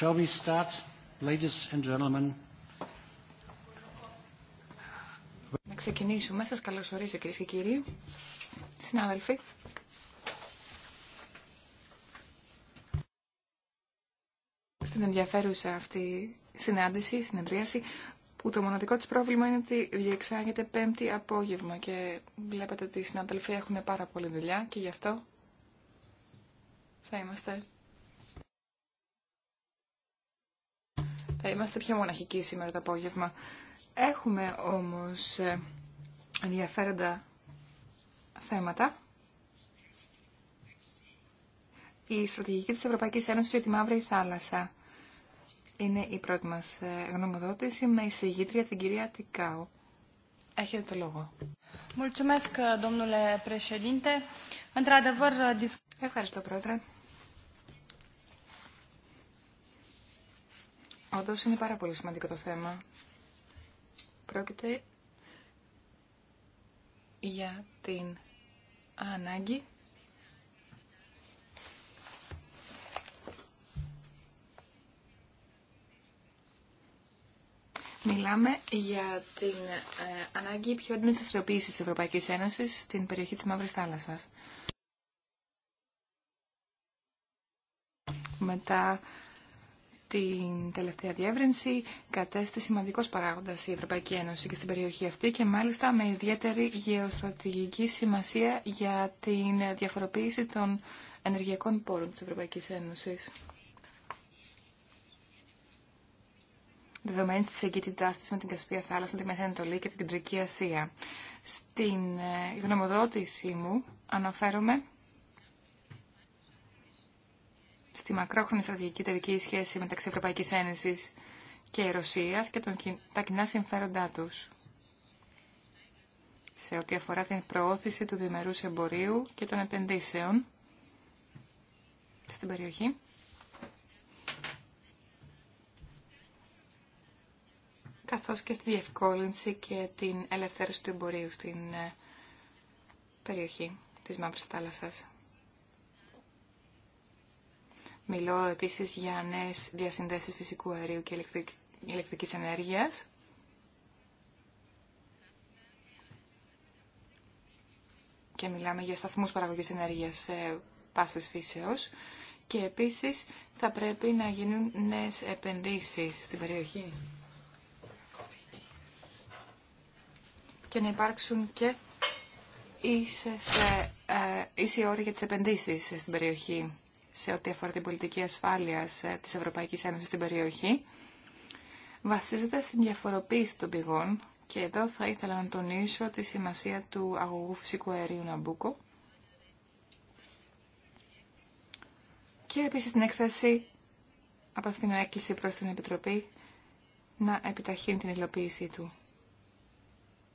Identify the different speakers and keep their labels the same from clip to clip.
Speaker 1: Shall we start, ladies and gentlemen?
Speaker 2: Να ξεκινήσουμε. Σας καλωσορίζω κυρίες και κύριοι, συνάδελφοι. Στην ενδιαφέρουσα αυτή συνάντηση, συνεδρίαση, που το μοναδικό της πρόβλημα είναι ότι διεξάγεται πέμπτη απόγευμα και βλέπετε ότι οι συναδελφοί έχουν πάρα πολλή δουλειά και γι' αυτό θα είμαστε Θα είμαστε πιο μοναχικοί σήμερα το απόγευμα. Έχουμε όμως ε, ενδιαφέροντα θέματα. Η στρατηγική της Ευρωπαϊκής Ένωσης για τη Μαύρη Θάλασσα είναι η πρώτη μας ε, γνωμοδότηση με εισηγήτρια την κυρία Τικάου. Έχετε το λόγο. Ευχαριστώ, Πρόεδρε. Όντω είναι πάρα πολύ σημαντικό το θέμα. Πρόκειται για την ανάγκη Μιλάμε για την ε, ανάγκη πιο αντιμετωπίση της Ευρωπαϊκής Ένωσης στην περιοχή της Μαύρης Θάλασσας. Μετά την τελευταία διεύρυνση κατέστη σημαντικό παράγοντα η Ευρωπαϊκή Ένωση και στην περιοχή αυτή και μάλιστα με ιδιαίτερη γεωστρατηγική σημασία για την διαφοροποίηση των ενεργειακών πόρων της Ευρωπαϊκής Ένωσης. δεδομένη τη εγκύτητά τη με την Κασπία Θάλασσα, τη Μέση Ανατολή και την Κεντρική Ασία. Στην ε, γνωμοδότησή μου αναφέρομαι στη μακρόχρονη στρατηγική τελική σχέση μεταξύ Ευρωπαϊκή Ένωσης και Ρωσία και τα κοινά συμφέροντά τους σε ό,τι αφορά την προώθηση του διμερούς εμπορίου και των επενδύσεων στην περιοχή. καθώς και στη διευκόλυνση και την ελευθέρωση του εμπορίου στην ε, περιοχή της Μαύρης Θάλασσας. Μιλώ επίσης για νέες διασυνδέσεις φυσικού αερίου και ηλεκτρικής ενέργειας. Και μιλάμε για σταθμούς παραγωγής ενέργειας σε πάσης φύσεως. Και επίσης θα πρέπει να γίνουν νέες επενδύσεις στην περιοχή. Και να υπάρξουν και ίσες, ε, ε ίσοι όροι για τις επενδύσεις στην περιοχή σε ό,τι αφορά την πολιτική ασφάλεια ε, της Ευρωπαϊκής Ένωσης στην περιοχή βασίζεται στην διαφοροποίηση των πηγών και εδώ θα ήθελα να τονίσω τη σημασία του αγωγού φυσικού αερίου Ναμπούκο και επίσης την έκθεση από αυτήν την έκκληση προς την Επιτροπή να επιταχύνει την υλοποίησή του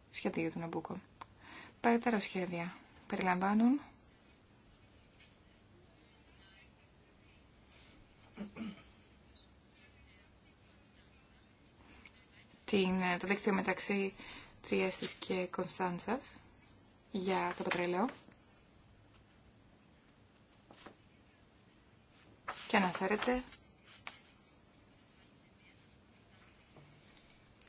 Speaker 2: σχεδίου του Ναμπούκο. Περαιτέρω σχέδια περιλαμβάνουν την, ε, το δίκτυο μεταξύ Τριέστης και Κωνσταντσάς... για το πετρέλαιο. Και αναφέρεται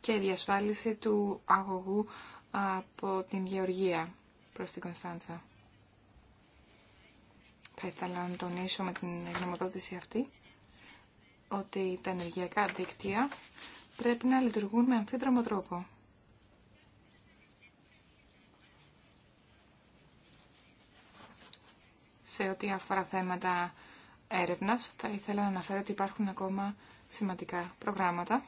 Speaker 2: και η διασφάλιση του αγωγού από την Γεωργία προς την Κωνσταντσά. Θα ήθελα να τονίσω με την γνωμοδότηση αυτή ότι τα ενεργειακά δίκτυα πρέπει να λειτουργούν με αμφίδρομο τρόπο. Σε ό,τι αφορά θέματα έρευνας, θα ήθελα να αναφέρω ότι υπάρχουν ακόμα σημαντικά προγράμματα.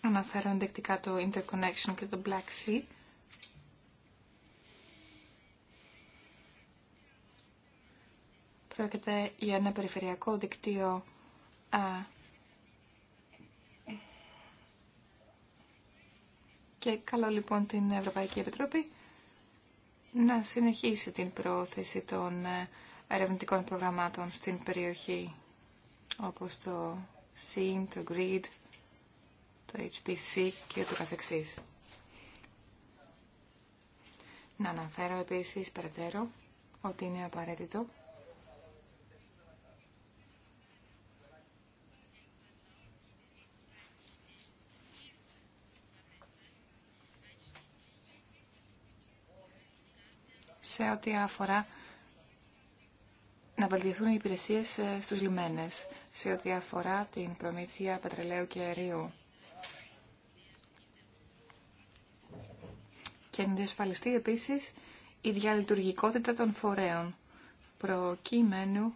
Speaker 2: Αναφέρω ενδεικτικά το Interconnection και το Black Sea Πρόκειται για ένα περιφερειακό δικτύο και καλό λοιπόν την Ευρωπαϊκή Επιτροπή να συνεχίσει την πρόθεση των ε, ερευνητικών προγραμμάτων στην περιοχή όπως το SIN, το GRID, το HPC και το καθεξής. Να αναφέρω επίσης περαιτέρω ότι είναι απαραίτητο σε ό,τι αφορά να βελτιωθούν οι υπηρεσίε ε, στους λιμένες, σε ό,τι αφορά την προμήθεια πετρελαίου και αερίου. Και να διασφαλιστεί επίσης η διαλειτουργικότητα των φορέων, προκειμένου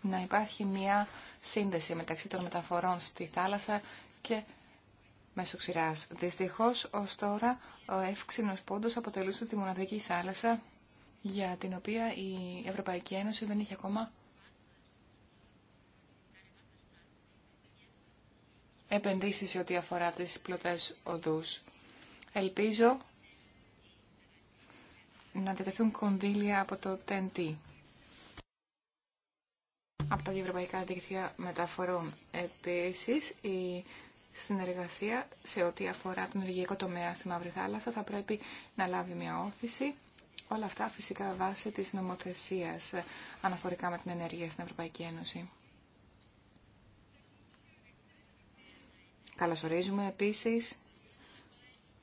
Speaker 2: να υπάρχει μια σύνδεση μεταξύ των μεταφορών στη θάλασσα και μέσω ξηράς. Δυστυχώς, ως τώρα, ο εύξηνος πόντος αποτελούσε τη μοναδική θάλασσα για την οποία η Ευρωπαϊκή Ένωση δεν είχε ακόμα επενδύσει σε ό,τι αφορά τις πλωτές οδούς. Ελπίζω να διατεθούν κονδύλια από το TNT, από τα διευρωπαϊκά Δίκτυα Μεταφορών. Επίσης, η συνεργασία σε ό,τι αφορά τον ενεργειακό τομέα στη Μαύρη Θάλασσα θα πρέπει να λάβει μια όθηση. Όλα αυτά φυσικά βάσει της νομοθεσίας αναφορικά με την ενέργεια στην Ευρωπαϊκή Ένωση. Καλωσορίζουμε επίσης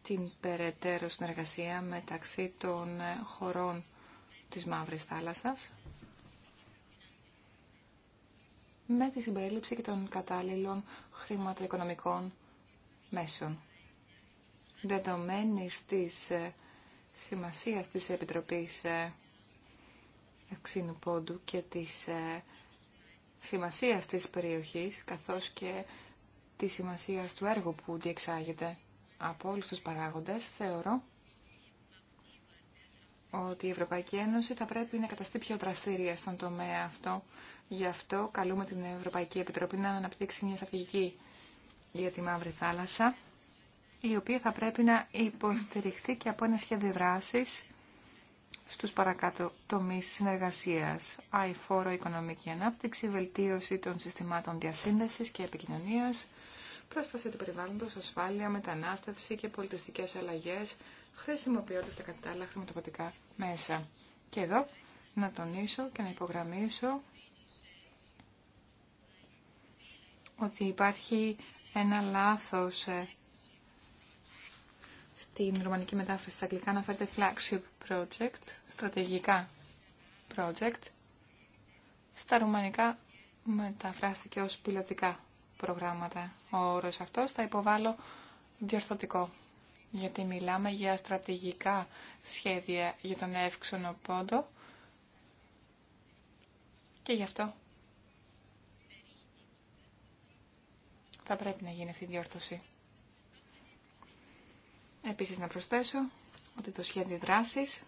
Speaker 2: την περαιτέρω συνεργασία μεταξύ των χωρών της Μαύρης Θάλασσας με τη συμπερίληψη και των κατάλληλων χρηματοοικονομικών μέσων. Δεδομένη της ε, σημασίας της Επιτροπής Ευξήνου Πόντου και της ε, σημασίας της περιοχής, καθώς και τη σημασία του έργου που διεξάγεται από όλους τους παράγοντες, θεωρώ ότι η Ευρωπαϊκή Ένωση θα πρέπει να καταστεί πιο δραστήρια στον τομέα αυτό, Γι' αυτό καλούμε την Ευρωπαϊκή Επιτροπή να αναπτύξει μια στρατηγική για τη Μαύρη Θάλασσα, η οποία θα πρέπει να υποστηριχθεί και από ένα σχέδιο δράση στου παρακάτω τομείς συνεργασίας, αηφόρο οικονομική ανάπτυξη, βελτίωση των συστημάτων διασύνδεση και επικοινωνία, πρόσταση του περιβάλλοντο, ασφάλεια, μετανάστευση και πολιτιστικέ αλλαγέ, χρησιμοποιώντα τα κατάλληλα χρηματοδοτικά μέσα. Και εδώ να τονίσω και να υπογραμμίσω ότι υπάρχει ένα λάθος ε, στην ρουμανική μετάφραση στα αγγλικά αναφέρεται flagship project, στρατηγικά project. Στα ρουμανικά μεταφράστηκε ως πιλωτικά προγράμματα. Ο όρος αυτός θα υποβάλω διορθωτικό, γιατί μιλάμε για στρατηγικά σχέδια για τον εύξονο πόντο και γι' αυτό Θα πρέπει να γίνει αυτή η διόρθωση. Επίσης να προσθέσω ότι το σχέδιο δράσης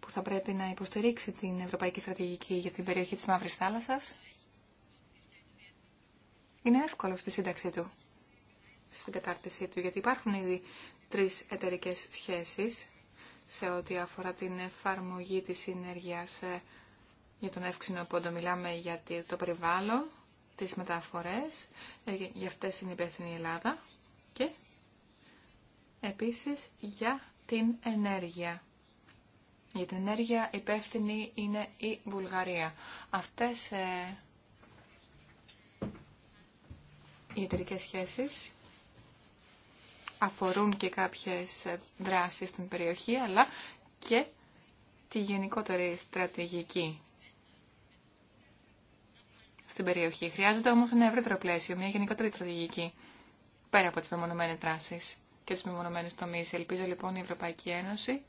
Speaker 2: που θα πρέπει να υποστηρίξει την Ευρωπαϊκή Στρατηγική για την περιοχή της Μαύρης Θάλασσας είναι εύκολο στη σύνταξή του, στην κατάρτισή του, γιατί υπάρχουν ήδη τρεις εταιρικές σχέσεις σε ό,τι αφορά την εφαρμογή της συνέργειας ε, για τον εύξηνο πόντο μιλάμε για το περιβάλλον, τις μεταφορές, ε, για αυτές είναι υπεύθυνη η Ελλάδα και επίσης για την ενέργεια. Για την ενέργεια υπεύθυνη είναι η Βουλγαρία. Αυτές ε, οι εταιρικέ σχέσεις αφορούν και κάποιες ε, δράσεις στην περιοχή, αλλά και τη γενικότερη στρατηγική στην περιοχή. Χρειάζεται όμως ένα ευρύτερο πλαίσιο, μια γενικότερη στρατηγική, πέρα από τις μεμονωμένε τράσεις και τις μεμονωμένε τομείς. Ελπίζω λοιπόν η Ευρωπαϊκή Ένωση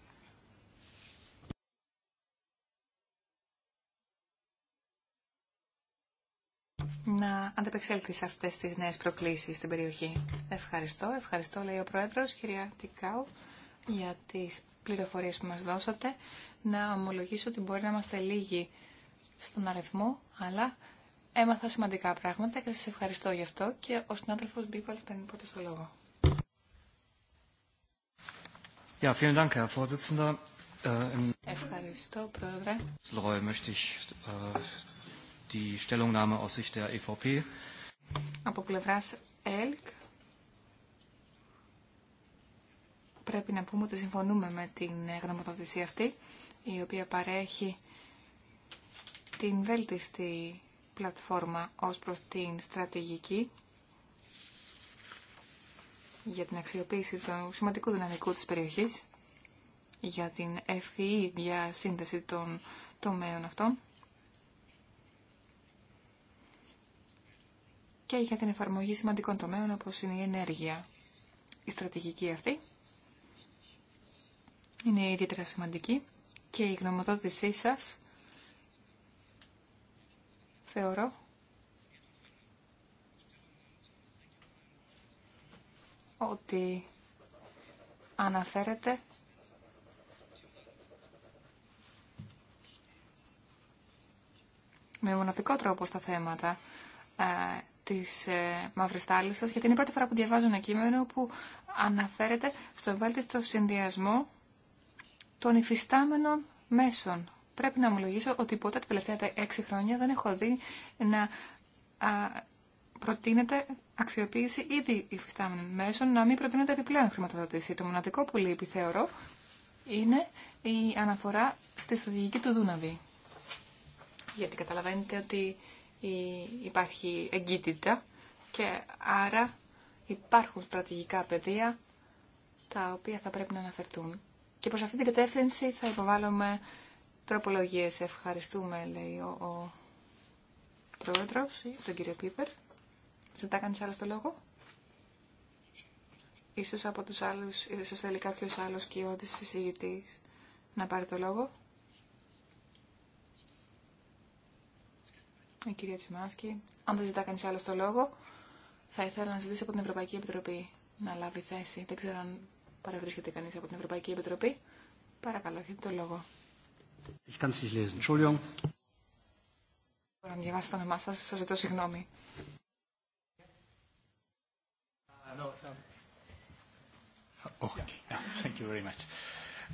Speaker 2: να ανταπεξέλθει σε αυτές τις νέες προκλήσεις στην περιοχή. Ευχαριστώ, ευχαριστώ λέει ο Πρόεδρος, κυρία Τικάου, για τις πληροφορίες που μας δώσατε. Να ομολογήσω ότι μπορεί να είμαστε λίγοι στον αριθμό, αλλά Έμαθα σημαντικά πράγματα και σας ευχαριστώ γι' αυτό και ο συνάδελφος Μπίπαλ παίρνει πρώτος το λόγο. Ja, vielen äh, Ευχαριστώ, Πρόεδρε. Äh, e Από πλευράς ΕΛΚ πρέπει να πούμε ότι συμφωνούμε με την γνωμοδοτησία αυτή, η οποία παρέχει την βέλτιστη πλατφόρμα ως προς την στρατηγική για την αξιοποίηση του σημαντικού δυναμικού της περιοχής, για την ευφυή διασύνδεση e, των τομέων αυτών και για την εφαρμογή σημαντικών τομέων όπως είναι η ενέργεια. Η στρατηγική αυτή είναι ιδιαίτερα σημαντική και η γνωμοδότησή σας θεωρώ ότι αναφέρεται με μοναδικό τρόπο στα θέματα ε, της ε, Μαύρης γιατί είναι η πρώτη φορά που διαβάζω ένα κείμενο που αναφέρεται στο στο συνδυασμό των υφιστάμενων μέσων πρέπει να ομολογήσω ότι ποτέ τα τελευταία έξι χρόνια δεν έχω δει να προτείνεται αξιοποίηση ήδη υφιστάμενων μέσων, να μην προτείνεται επιπλέον χρηματοδότηση. Το μοναδικό που λείπει, θεωρώ, είναι η αναφορά στη στρατηγική του Δούναβη. Γιατί καταλαβαίνετε ότι υπάρχει εγκύτητα και άρα υπάρχουν στρατηγικά πεδία τα οποία θα πρέπει να αναφερθούν. Και προς αυτή την κατεύθυνση θα υποβάλλουμε Τροπολογίε. Ευχαριστούμε, λέει ο, ο πρόεδρος, τον κύριο Πίπερ. Ζητά κάνει άλλο το λόγο. Σω από θέλει κάποιος άλλος κοιότης συζητητής να πάρει το λόγο. Η κυρία Τσιμάσκη, αν δεν ζητά κανεί άλλο το λόγο, θα ήθελα να ζητήσω από την Ευρωπαϊκή Επιτροπή να λάβει θέση. Δεν ξέρω αν παρευρίσκεται κανεί από την Ευρωπαϊκή Επιτροπή. Παρακαλώ, έχετε το λόγο. Ich kann's nicht lesen. Entschuldigung. Μπορώ να διαβάσω το όνομά σας. Σας ζητώ συγγνώμη.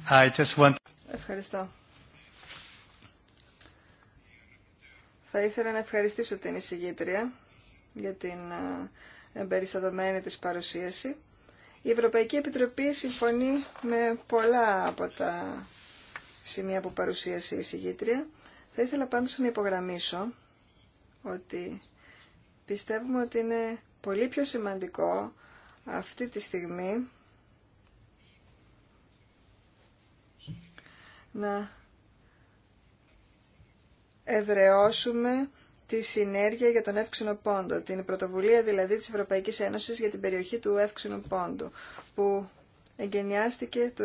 Speaker 2: Uh,
Speaker 1: Ευχαριστώ. Θα ήθελα να ευχαριστήσω την εισηγήτρια για την ε, εμπεριστατωμένη της παρουσίαση. Η Ευρωπαϊκή Επιτροπή συμφωνεί με πολλά από τα σημεία που παρουσίασε η συγγήτρια. Θα ήθελα πάντως να υπογραμμίσω ότι πιστεύουμε ότι είναι πολύ πιο σημαντικό αυτή τη στιγμή να εδραιώσουμε τη συνέργεια για τον εύξηνο πόντο, την πρωτοβουλία δηλαδή της Ευρωπαϊκής Ένωσης για την περιοχή του εύξηνου πόντου, που εγκαινιάστηκε το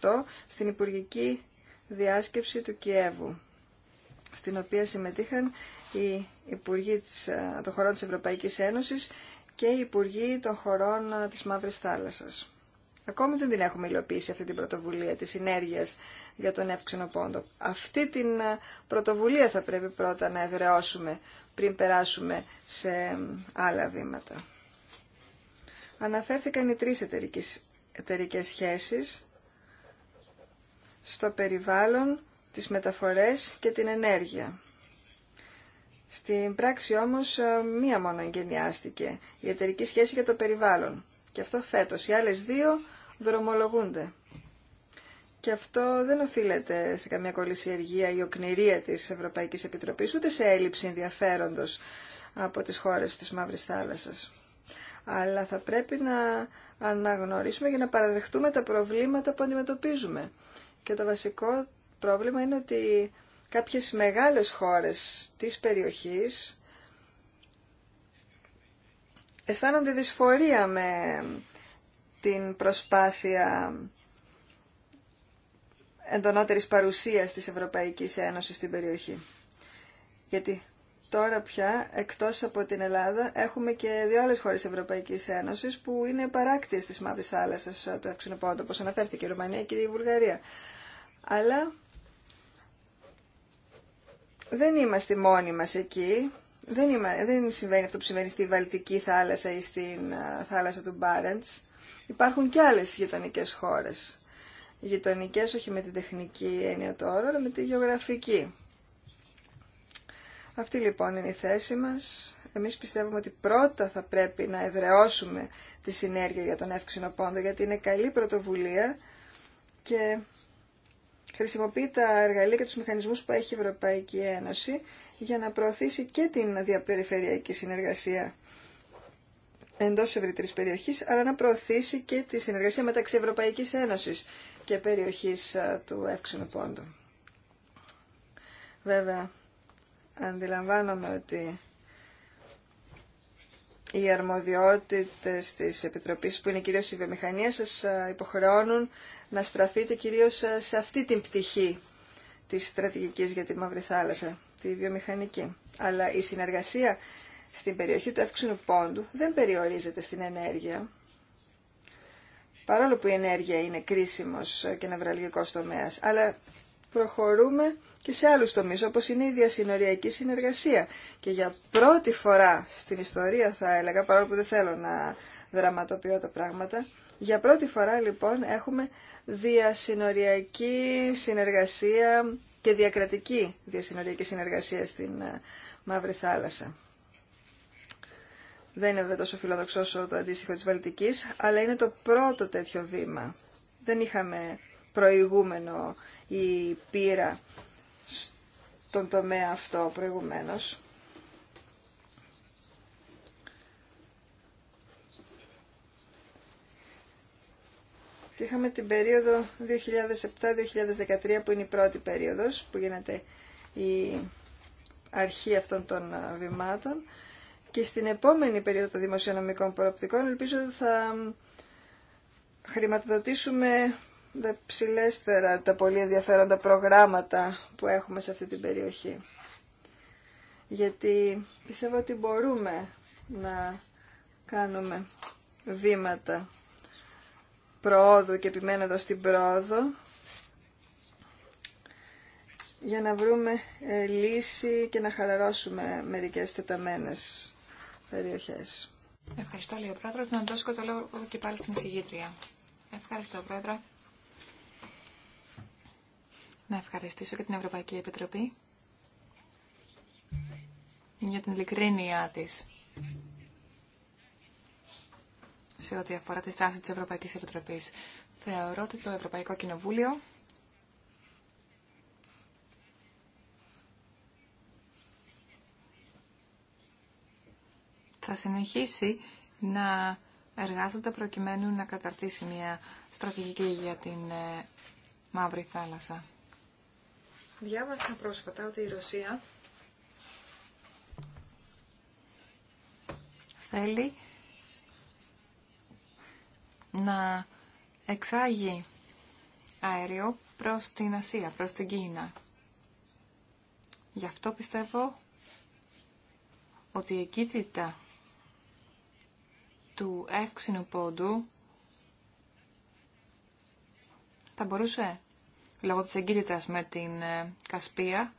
Speaker 1: 2008 στην Υπουργική διάσκεψη του Κιέβου, στην οποία συμμετείχαν οι Υπουργοί ε, των χωρών της Ευρωπαϊκής Ένωσης και οι Υπουργοί των χωρών ε, της Μαύρης Θάλασσας. Ακόμη δεν την έχουμε υλοποιήσει αυτή την πρωτοβουλία της συνέργειας για τον εύξενο πόντο. Αυτή την ε, πρωτοβουλία θα πρέπει πρώτα να εδραιώσουμε πριν περάσουμε σε άλλα βήματα. Αναφέρθηκαν οι τρεις εταιρικές σχέσεις στο περιβάλλον, τις μεταφορές και την ενέργεια. Στην πράξη όμως ε, μία μόνο εγκαινιάστηκε, η εταιρική σχέση για το περιβάλλον. Και αυτό φέτος. Οι άλλες δύο δρομολογούνται. Και αυτό δεν οφείλεται σε καμία κολλησιεργία ή οκνηρία της Ευρωπαϊκής Επιτροπής, ούτε σε έλλειψη ενδιαφέροντος από τις χώρες της Μαύρης Θάλασσας. Αλλά θα πρέπει να αναγνωρίσουμε για να παραδεχτούμε τα προβλήματα που αντιμετωπίζουμε και το βασικό πρόβλημα είναι ότι κάποιες μεγάλες χώρες της περιοχής αισθάνονται δυσφορία με την προσπάθεια εντονότερης παρουσίας της Ευρωπαϊκής Ένωσης στην περιοχή. Γιατί Τώρα πια, εκτός από την Ελλάδα, έχουμε και δύο άλλες χώρες Ευρωπαϊκής Ένωσης που είναι παράκτιες της Μαύρης Θάλασσας, το Αυξηνοπόντο, όπως αναφέρθηκε η Ρουμανία και η Βουλγαρία. Αλλά δεν είμαστε μόνοι μας εκεί. Δεν, είμα, δεν συμβαίνει αυτό που συμβαίνει στη Βαλτική θάλασσα ή στην α, θάλασσα του Μπάρεντς. Υπάρχουν και άλλες γειτονικέ χώρες. Γειτονικέ όχι με την τεχνική έννοια τώρα, αλλά με τη γεωγραφική. Αυτή λοιπόν είναι η θέση μας. Εμείς πιστεύουμε ότι πρώτα θα πρέπει να εδραιώσουμε τη συνέργεια για τον εύξηνο πόντο, γιατί είναι καλή πρωτοβουλία και χρησιμοποιεί τα εργαλεία και τους μηχανισμούς που έχει η Ευρωπαϊκή Ένωση για να προωθήσει και την διαπεριφερειακή συνεργασία εντός ευρύτερης περιοχής, αλλά να προωθήσει και τη συνεργασία μεταξύ Ευρωπαϊκής Ένωσης και περιοχής του εύξηνου πόντου. Βέβαια, Αντιλαμβάνομαι ότι οι αρμοδιότητες της Επιτροπής που είναι κυρίως η βιομηχανία σας υποχρεώνουν να στραφείτε κυρίως σε αυτή την πτυχή της στρατηγικής για τη Μαύρη Θάλασσα, τη βιομηχανική. Αλλά η συνεργασία στην περιοχή του εύξηνου πόντου δεν περιορίζεται στην ενέργεια. Παρόλο που η ενέργεια είναι κρίσιμος ε, και ναυραλγικός τομέας, αλλά προχωρούμε και σε άλλους τομείς, όπως είναι η διασυνοριακή συνεργασία. Και για πρώτη φορά στην ιστορία θα έλεγα, παρόλο που δεν θέλω να δραματοποιώ τα πράγματα, για πρώτη φορά λοιπόν έχουμε διασυνοριακή συνεργασία και διακρατική διασυνοριακή συνεργασία στην ε, Μαύρη Θάλασσα. Δεν είναι βέβαια τόσο φιλοδοξό όσο το αντίστοιχο της Βαλτικής, αλλά είναι το πρώτο τέτοιο βήμα. Δεν είχαμε προηγούμενο η πείρα στον τομέα αυτό προηγουμένως. Και είχαμε την περίοδο 2007-2013 που είναι η πρώτη περίοδος που γίνεται η αρχή αυτών των βημάτων και στην επόμενη περίοδο των δημοσιονομικών προοπτικών ελπίζω ότι θα χρηματοδοτήσουμε τα ψηλέστερα, τα πολύ ενδιαφέροντα προγράμματα που έχουμε σε αυτή την περιοχή. Γιατί πιστεύω ότι μπορούμε να κάνουμε βήματα προόδου και επιμένω εδώ στην πρόοδο για να βρούμε ε, λύση και να χαλαρώσουμε μερικές τεταμένες περιοχές.
Speaker 2: Ευχαριστώ, λέει ο Πρόεδρος. Να δώσω το λόγο και πάλι στην εισηγήτρια. Ευχαριστώ, Πρόεδρε να ευχαριστήσω και την Ευρωπαϊκή Επιτροπή για την ειλικρίνειά της σε ό,τι αφορά τη στάση της Ευρωπαϊκής Επιτροπής. Θεωρώ ότι το Ευρωπαϊκό Κοινοβούλιο θα συνεχίσει να εργάζεται προκειμένου να καταρτήσει μια στρατηγική για την ε, Μαύρη Θάλασσα. Διάβασα πρόσφατα ότι η Ρωσία θέλει να εξάγει αέριο προς την Ασία, προς την Κίνα. Γι' αυτό πιστεύω ότι η εκείτητα του εύξηνου πόντου θα μπορούσε λόγω της εγκύτητας με την ε, Κασπία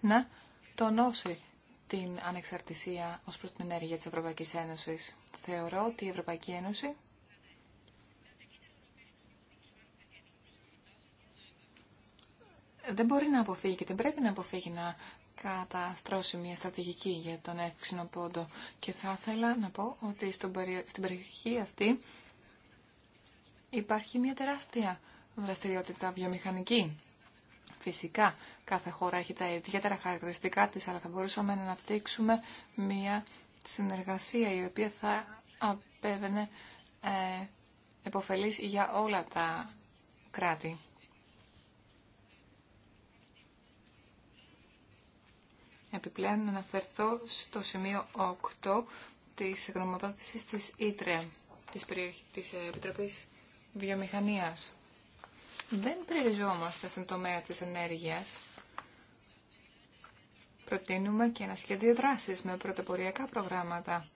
Speaker 2: να τονώσει την ανεξαρτησία ως προς την ενέργεια της Ευρωπαϊκής Ένωσης. Θεωρώ ότι η Ευρωπαϊκή Ένωση δεν μπορεί να αποφύγει και δεν πρέπει να αποφύγει να καταστρώσει μια στρατηγική για τον εύξηνο πόντο. Και θα ήθελα να πω ότι στην περιοχή αυτή υπάρχει μια τεράστια δραστηριότητα βιομηχανική. Φυσικά, κάθε χώρα έχει τα ιδιαίτερα χαρακτηριστικά της, αλλά θα μπορούσαμε να αναπτύξουμε μια συνεργασία η οποία θα απέβαινε ε, επωφελής για όλα τα κράτη. Επιπλέον να αναφερθώ στο σημείο 8 της γνωμοδότησης της ΙΤΡΕ, της, της Επιτροπής Βιομηχανίας δεν περιοριζόμαστε στον τομέα της ενέργειας. Προτείνουμε και ένα σχέδιο δράσης με πρωτοποριακά προγράμματα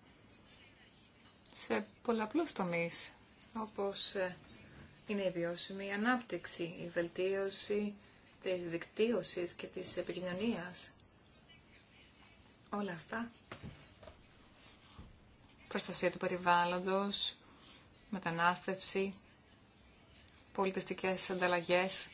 Speaker 2: σε πολλαπλούς τομείς, όπως ε, είναι η βιώσιμη ανάπτυξη, η βελτίωση της δικτύωσης και της επικοινωνίας. Όλα αυτά. Προστασία του περιβάλλοντος, μετανάστευση, πολιτιστικές ανταλλαγές.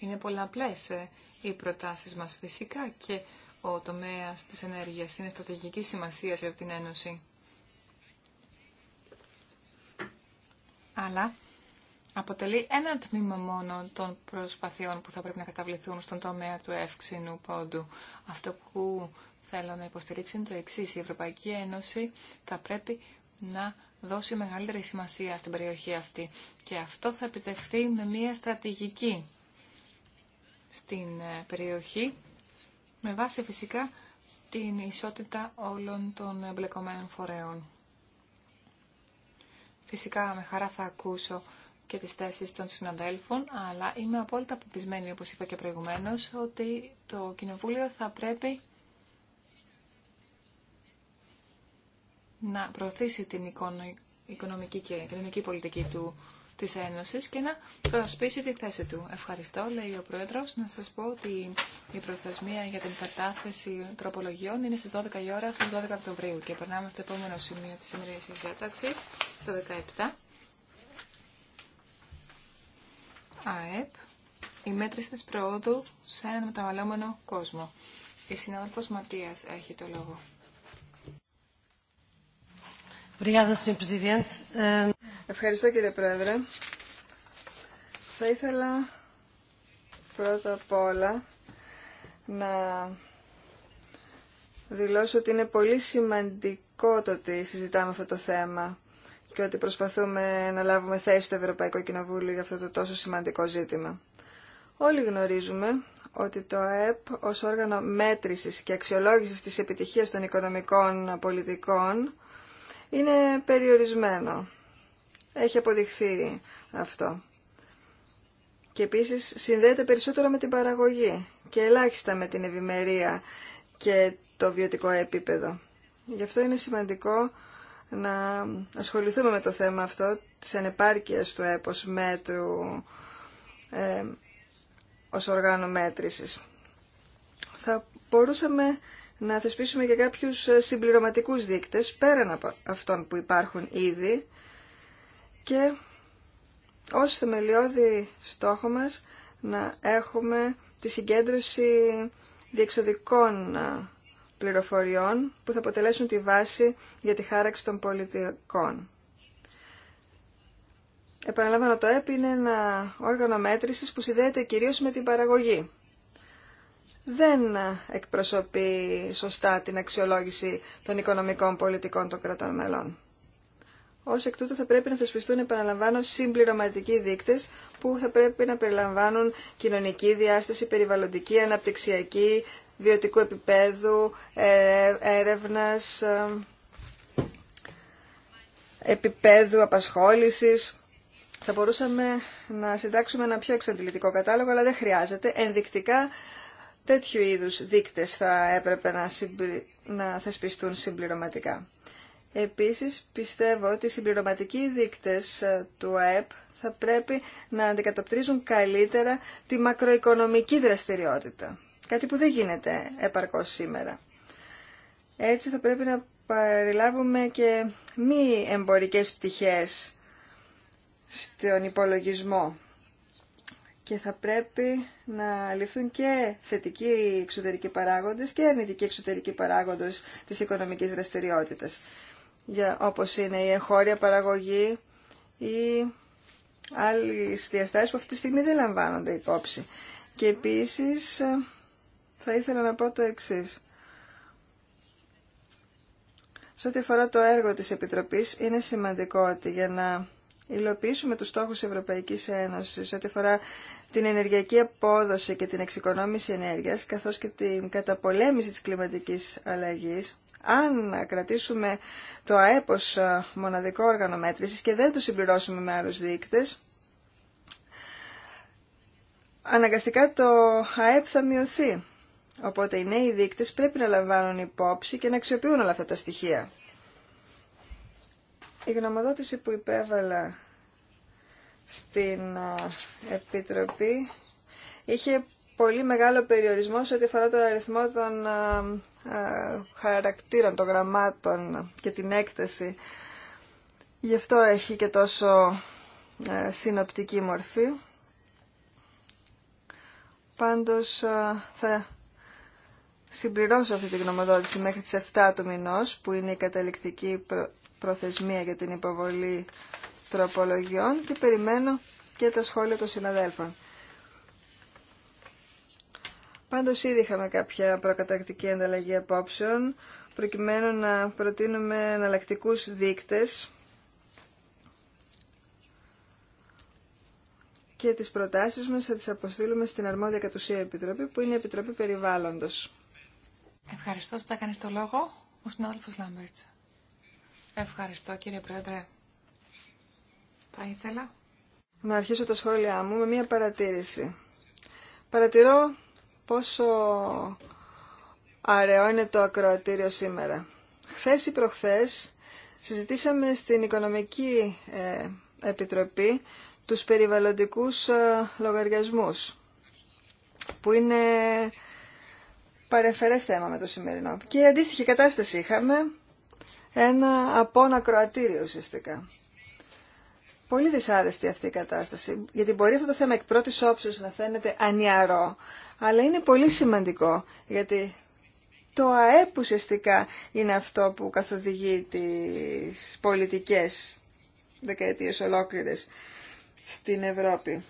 Speaker 2: Είναι πολλαπλές ε, οι προτάσεις μας φυσικά και ο τομέας της ενέργειας είναι στρατηγική σημασία για την Ένωση. Αλλά αποτελεί ένα τμήμα μόνο των προσπαθειών που θα πρέπει να καταβληθούν στον τομέα του εύξηνου πόντου. Αυτό που θέλω να υποστηρίξω το εξή. Η Ευρωπαϊκή Ένωση θα πρέπει να δώσει μεγαλύτερη σημασία στην περιοχή αυτή. Και αυτό θα επιτευχθεί με μια στρατηγική στην ε, περιοχή, με βάση φυσικά την ισότητα όλων των εμπλεκομένων φορέων. Φυσικά με χαρά θα ακούσω και τις θέσεις των συναδέλφων, αλλά είμαι απόλυτα αποπισμένη, όπως είπα και προηγουμένως, ότι το Κοινοβούλιο θα πρέπει να προωθήσει την οικονομική και κοινωνική πολιτική του της Ένωσης και να προσπίσει τη θέση του. Ευχαριστώ, λέει ο Πρόεδρος, να σας πω ότι η προθεσμία για την κατάθεση τροπολογιών είναι στις 12 η ώρα στις 12 Οκτωβρίου και περνάμε στο επόμενο σημείο της ημερήσιας διάταξης, το 17. ΑΕΠ, η μέτρηση της προόδου σε έναν μεταβαλλόμενο κόσμο. Η συνάδελφος Ματίας έχει το λόγο.
Speaker 1: Ευχαριστώ κύριε Πρόεδρε. Θα ήθελα πρώτα απ' όλα να δηλώσω ότι είναι πολύ σημαντικό το ότι συζητάμε αυτό το θέμα και ότι προσπαθούμε να λάβουμε θέση στο Ευρωπαϊκό Κοινοβούλιο για αυτό το τόσο σημαντικό ζήτημα. Όλοι γνωρίζουμε ότι το ΑΕΠ ως όργανο μέτρησης και αξιολόγησης της επιτυχίας των οικονομικών πολιτικών είναι περιορισμένο. Έχει αποδειχθεί αυτό. Και επίσης συνδέεται περισσότερο με την παραγωγή και ελάχιστα με την ευημερία και το βιωτικό επίπεδο. Γι' αυτό είναι σημαντικό να ασχοληθούμε με το θέμα αυτό της ανεπάρκειας του έπος μέτρου ε, ως οργάνου μέτρησης. Θα μπορούσαμε να θεσπίσουμε και κάποιους ε, συμπληρωματικούς δείκτες πέραν από αυτών που υπάρχουν ήδη και ως θεμελιώδη στόχο μας να έχουμε τη συγκέντρωση διεξοδικών ε, πληροφοριών που θα αποτελέσουν τη βάση για τη χάραξη των πολιτικών. Επαναλαμβάνω, το ΕΠ είναι ένα όργανο μέτρησης που συνδέεται κυρίως με την παραγωγή δεν εκπροσωπεί σωστά την αξιολόγηση των οικονομικών πολιτικών των κρατών μελών. Ω εκ τούτου θα πρέπει να θεσπιστούν, επαναλαμβάνω, συμπληρωματικοί δείκτες που θα πρέπει να περιλαμβάνουν κοινωνική διάσταση, περιβαλλοντική, αναπτυξιακή, βιωτικού επίπεδου, έρευνας, ε, επίπεδου απασχόληση Θα μπορούσαμε να συντάξουμε ένα πιο εξαντλητικό κατάλογο, αλλά δεν χρειάζεται. Ενδεικτικά τέτοιου είδους δείκτες θα έπρεπε να, να θεσπιστούν συμπληρωματικά. Επίσης, πιστεύω ότι οι συμπληρωματικοί δείκτες ε, του ΑΕΠ θα πρέπει να αντικατοπτρίζουν καλύτερα τη μακροοικονομική δραστηριότητα, κάτι που δεν γίνεται επαρκώς σήμερα. Έτσι θα πρέπει να παρελάβουμε και μη εμπορικές πτυχές στον υπολογισμό και θα πρέπει να ληφθούν και θετικοί εξωτερικοί παράγοντες και αρνητικοί εξωτερικοί παράγοντες της οικονομικής δραστηριότητας, για, όπως είναι η εγχώρια παραγωγή ή άλλοι διαστάσεις που αυτή τη στιγμή δεν λαμβάνονται υπόψη. Και επίσης ε, θα ήθελα να πω το εξής. Σε ό,τι αφορά το έργο της Επιτροπής, είναι σημαντικό ότι για να υλοποιήσουμε τους στόχους Ευρωπαϊκής Ένωσης ό,τι αφορά την ενεργειακή απόδοση και την εξοικονόμηση ενέργειας, καθώς και την καταπολέμηση της κλιματικής αλλαγής, αν κρατήσουμε το ΑΕΠ ως ε, μοναδικό όργανο μέτρησης και δεν το συμπληρώσουμε με άλλους δείκτες, αναγκαστικά το ΑΕΠ θα μειωθεί. Οπότε οι νέοι δείκτες πρέπει να λαμβάνουν υπόψη και να αξιοποιούν όλα αυτά τα στοιχεία. Η γνωμοδότηση που υπέβαλα στην Επιτροπή είχε πολύ μεγάλο περιορισμό σε ό,τι αφορά τον αριθμό των χαρακτήρων, των γραμμάτων και την έκταση. Γι' αυτό έχει και τόσο συνοπτική μορφή. Πάντως θα συμπληρώσω αυτή τη γνωμοδότηση μέχρι τις 7 του μηνός, που είναι η καταληκτική προθεσμία για την υποβολή τροπολογιών και περιμένω και τα σχόλια των συναδέλφων. Πάντως ήδη είχαμε κάποια προκατακτική ανταλλαγή απόψεων προκειμένου να προτείνουμε εναλλακτικού δείκτες και τις προτάσεις μας θα τις αποστείλουμε στην αρμόδια κατουσία επιτροπή που είναι η Επιτροπή Περιβάλλοντος.
Speaker 2: Ευχαριστώ που τα το λόγο, ο Λάμπερτς. Ευχαριστώ κύριε Πρόεδρε. Θα ήθελα
Speaker 1: να αρχίσω τα σχόλιά μου με μία παρατήρηση. Παρατηρώ πόσο αραιό είναι το ακροατήριο σήμερα. Χθες ή προχθές συζητήσαμε στην Οικονομική ε, Επιτροπή τους περιβαλλοντικούς ε, λογαριασμούς, που είναι παρεφερές θέμα με το σημερινό. Και αντίστοιχη κατάσταση είχαμε ένα απόνα κροατήριο ουσιαστικά. Πολύ δυσάρεστη αυτή η κατάσταση, γιατί μπορεί αυτό το θέμα εκ πρώτης όψεως να φαίνεται ανιαρό, αλλά είναι πολύ σημαντικό, γιατί το ΑΕΠ ουσιαστικά είναι αυτό που καθοδηγεί τις πολιτικές δεκαετίες ολόκληρες στην Ευρώπη.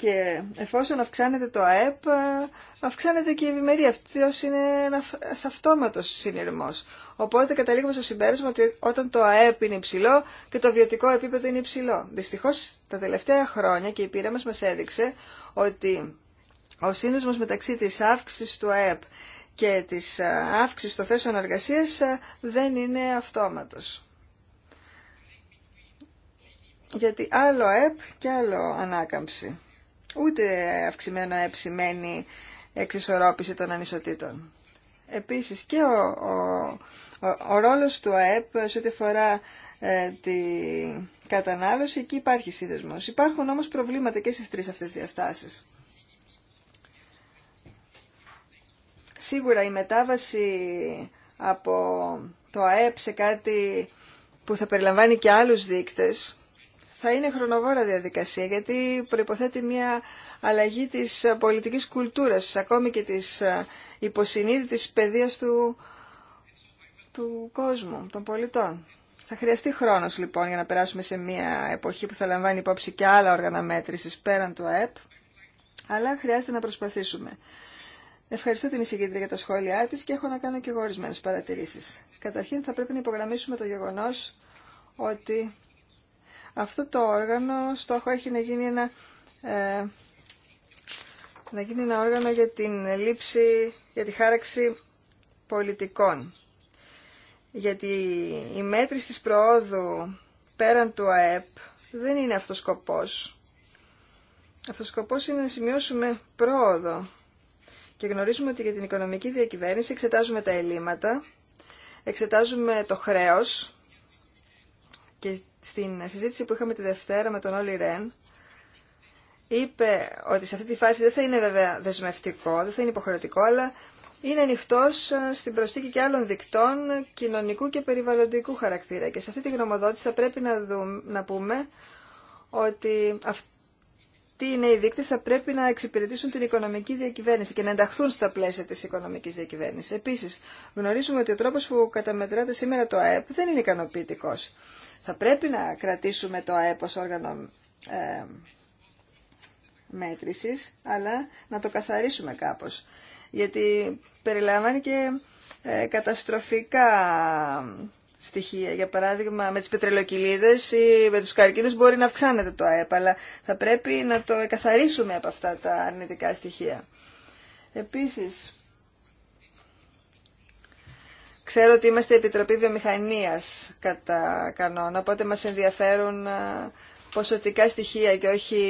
Speaker 1: Και εφόσον αυξάνεται το ΑΕΠ, ε, αυξάνεται και η ευημερία. Αυτό είναι ένα αυτόματο συνειρμό. Οπότε καταλήγουμε στο συμπέρασμα ότι όταν το ΑΕΠ είναι υψηλό και το βιωτικό επίπεδο είναι υψηλό. Δυστυχώ τα τελευταία χρόνια και η πείρα μα έδειξε ότι ο σύνδεσμο μεταξύ τη αύξηση του ΑΕΠ και της ε, αύξηση των θέσεων εργασία ε, δεν είναι αυτόματο. Γιατί άλλο ΑΕΠ και άλλο ανάκαμψη ούτε αυξημένο επισημένη σημαίνει εξισορρόπηση των ανισοτήτων. Επίσης και ο, ο, ρόλος του ΑΕΠ σε ό,τι αφορά ε, τη κατανάλωση, εκεί υπάρχει σύνδεσμος. Υπάρχουν όμως προβλήματα και στις τρεις αυτές διαστάσεις. Σίγουρα η μετάβαση από το ΑΕΠ σε κάτι που θα περιλαμβάνει και άλλους δείκτες, θα είναι χρονοβόρα διαδικασία γιατί προϋποθέτει μια αλλαγή της πολιτικής κουλτούρας, ακόμη και της ε, υποσυνείδητης παιδείας του, του κόσμου, των πολιτών. Θα χρειαστεί χρόνος λοιπόν για να περάσουμε σε μια εποχή που θα λαμβάνει υπόψη και άλλα όργανα μέτρησης πέραν του ΑΕΠ, αλλά χρειάζεται να προσπαθήσουμε. Ευχαριστώ την εισηγήτρια για τα σχόλιά τη και έχω να κάνω και εγώ ορισμένε παρατηρήσεις. Καταρχήν θα πρέπει να υπογραμμίσουμε το γεγονό ότι αυτό το όργανο στόχο έχει να γίνει ένα, ε, να γίνει ένα όργανο για την λήψη, για τη χάραξη πολιτικών. Γιατί η μέτρηση της προόδου πέραν του ΑΕΠ δεν είναι αυτός σκοπός. Αυτός σκοπός είναι να σημειώσουμε πρόοδο και γνωρίζουμε ότι για την οικονομική διακυβέρνηση εξετάζουμε τα ελλείμματα, εξετάζουμε το χρέος και στην συζήτηση που είχαμε τη Δευτέρα με τον Όλυ Ρεν, είπε ότι σε αυτή τη φάση δεν θα είναι βέβαια δεσμευτικό, δεν θα είναι υποχρεωτικό, αλλά είναι ανοιχτό στην προσθήκη και άλλων δικτών κοινωνικού και περιβαλλοντικού χαρακτήρα. Και σε αυτή τη γνωμοδότηση θα πρέπει να, δούμε, να πούμε ότι αυτοί οι νέοι δείκτες θα πρέπει να εξυπηρετήσουν την οικονομική διακυβέρνηση και να ενταχθούν στα πλαίσια της οικονομικής διακυβέρνησης. Επίσης, γνωρίζουμε ότι ο τρόπο που καταμετράται σήμερα το ΑΕΠ δεν είναι ικανοποιητικό. Θα πρέπει να κρατήσουμε το ΑΕΠ ως όργανο ε, μέτρησης, αλλά να το καθαρίσουμε κάπως. Γιατί περιλαμβάνει και ε, καταστροφικά στοιχεία. Για παράδειγμα, με τις πετρελοκυλίδες ή με τους καρκίνους μπορεί να αυξάνεται το ΑΕΠ, αλλά θα πρέπει να το καθαρίσουμε από αυτά τα αρνητικά στοιχεία. Επίσης, Ξέρω ότι είμαστε Επιτροπή Βιομηχανίας κατά κανόνα, οπότε μας ενδιαφέρουν ε, ποσοτικά στοιχεία και όχι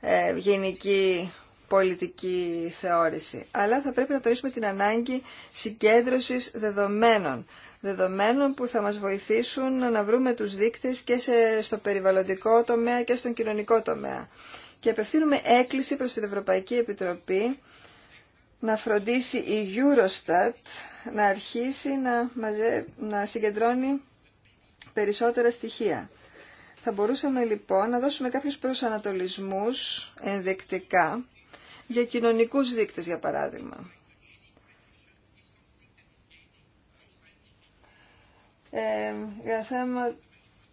Speaker 1: ε, γενική πολιτική θεώρηση. Αλλά θα πρέπει να τονίσουμε την ανάγκη συγκέντρωσης δεδομένων. Δεδομένων που θα μας βοηθήσουν να βρούμε τους δείκτες και στο περιβαλλοντικό τομέα και στον κοινωνικό τομέα. Και απευθύνουμε έκκληση προς την Ευρωπαϊκή Επιτροπή να φροντίσει η Eurostat να αρχίσει να, μαζε... να συγκεντρώνει περισσότερα στοιχεία. Θα μπορούσαμε λοιπόν να δώσουμε κάποιους προσανατολισμούς ενδεκτικά για κοινωνικούς δείκτες για παράδειγμα. Ε, για θέμα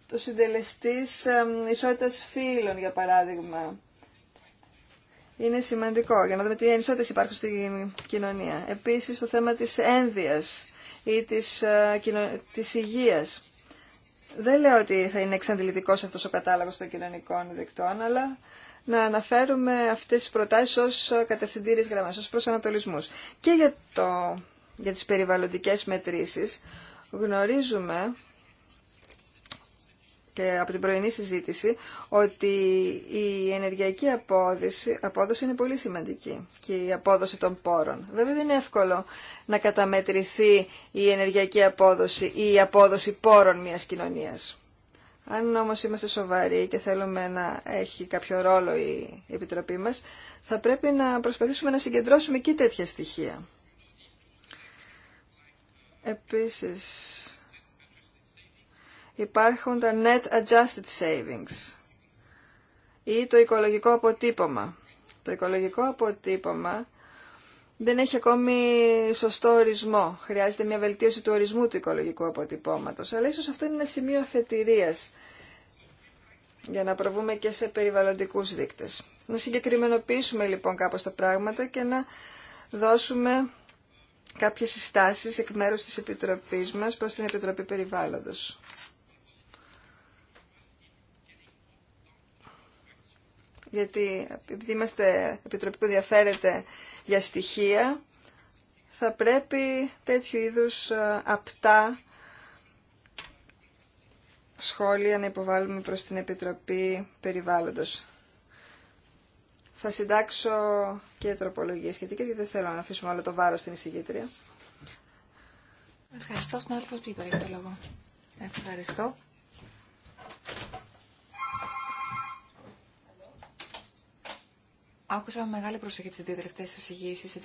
Speaker 1: το συντελεστής ε, ισότητας φύλων για παράδειγμα είναι σημαντικό για να δούμε τι ανισότητες υπάρχουν στην κοινωνία. Επίσης το θέμα της ένδυας ή της, ε, της υγείας. Δεν λέω ότι θα είναι εξαντλητικός αυτός ο κατάλογος των κοινωνικών δικτών, αλλά να αναφέρουμε αυτές τις προτάσεις ως ε, κατευθυντήριες γραμμές, ως προσανατολισμούς. Και για, το, για τις περιβαλλοντικές μετρήσεις γνωρίζουμε και από την πρωινή συζήτηση ότι η ενεργειακή απόδοση, απόδοση είναι πολύ σημαντική και η απόδοση των πόρων. Βέβαια δεν είναι εύκολο να καταμετρηθεί η ενεργειακή απόδοση ή η απόδοση πόρων μιας κοινωνίας. Αν όμως είμαστε σοβαροί και θέλουμε να έχει κάποιο ρόλο η Επιτροπή μας, θα πρέπει να προσπαθήσουμε να συγκεντρώσουμε και τέτοια στοιχεία. Επίσης, υπάρχουν τα net adjusted savings ή το οικολογικό αποτύπωμα. Το οικολογικό αποτύπωμα δεν έχει ακόμη σωστό ορισμό. Χρειάζεται μια βελτίωση του ορισμού του οικολογικού αποτυπώματος. Αλλά ίσως αυτό είναι ένα σημείο αφετηρίας για να προβούμε και σε περιβαλλοντικούς δείκτες. Να συγκεκριμενοποιήσουμε λοιπόν κάπως τα πράγματα και να δώσουμε κάποιες συστάσεις εκ μέρους της Επιτροπής μας προς την Επιτροπή Περιβάλλοντος. γιατί επειδή είμαστε επιτροπή που ενδιαφέρεται για στοιχεία, θα πρέπει τέτοιου είδους ε, απτά σχόλια να υποβάλουμε προς την Επιτροπή Περιβάλλοντος. Θα συντάξω και τροπολογίες σχετικές, γιατί δεν θέλω να αφήσουμε όλο το βάρος στην εισηγήτρια.
Speaker 2: Ευχαριστώ, συνάδελφος το λόγο. Ευχαριστώ. Άκουσα με μεγάλη προσοχή τι δύο τελευταίε εισηγήσεις, τη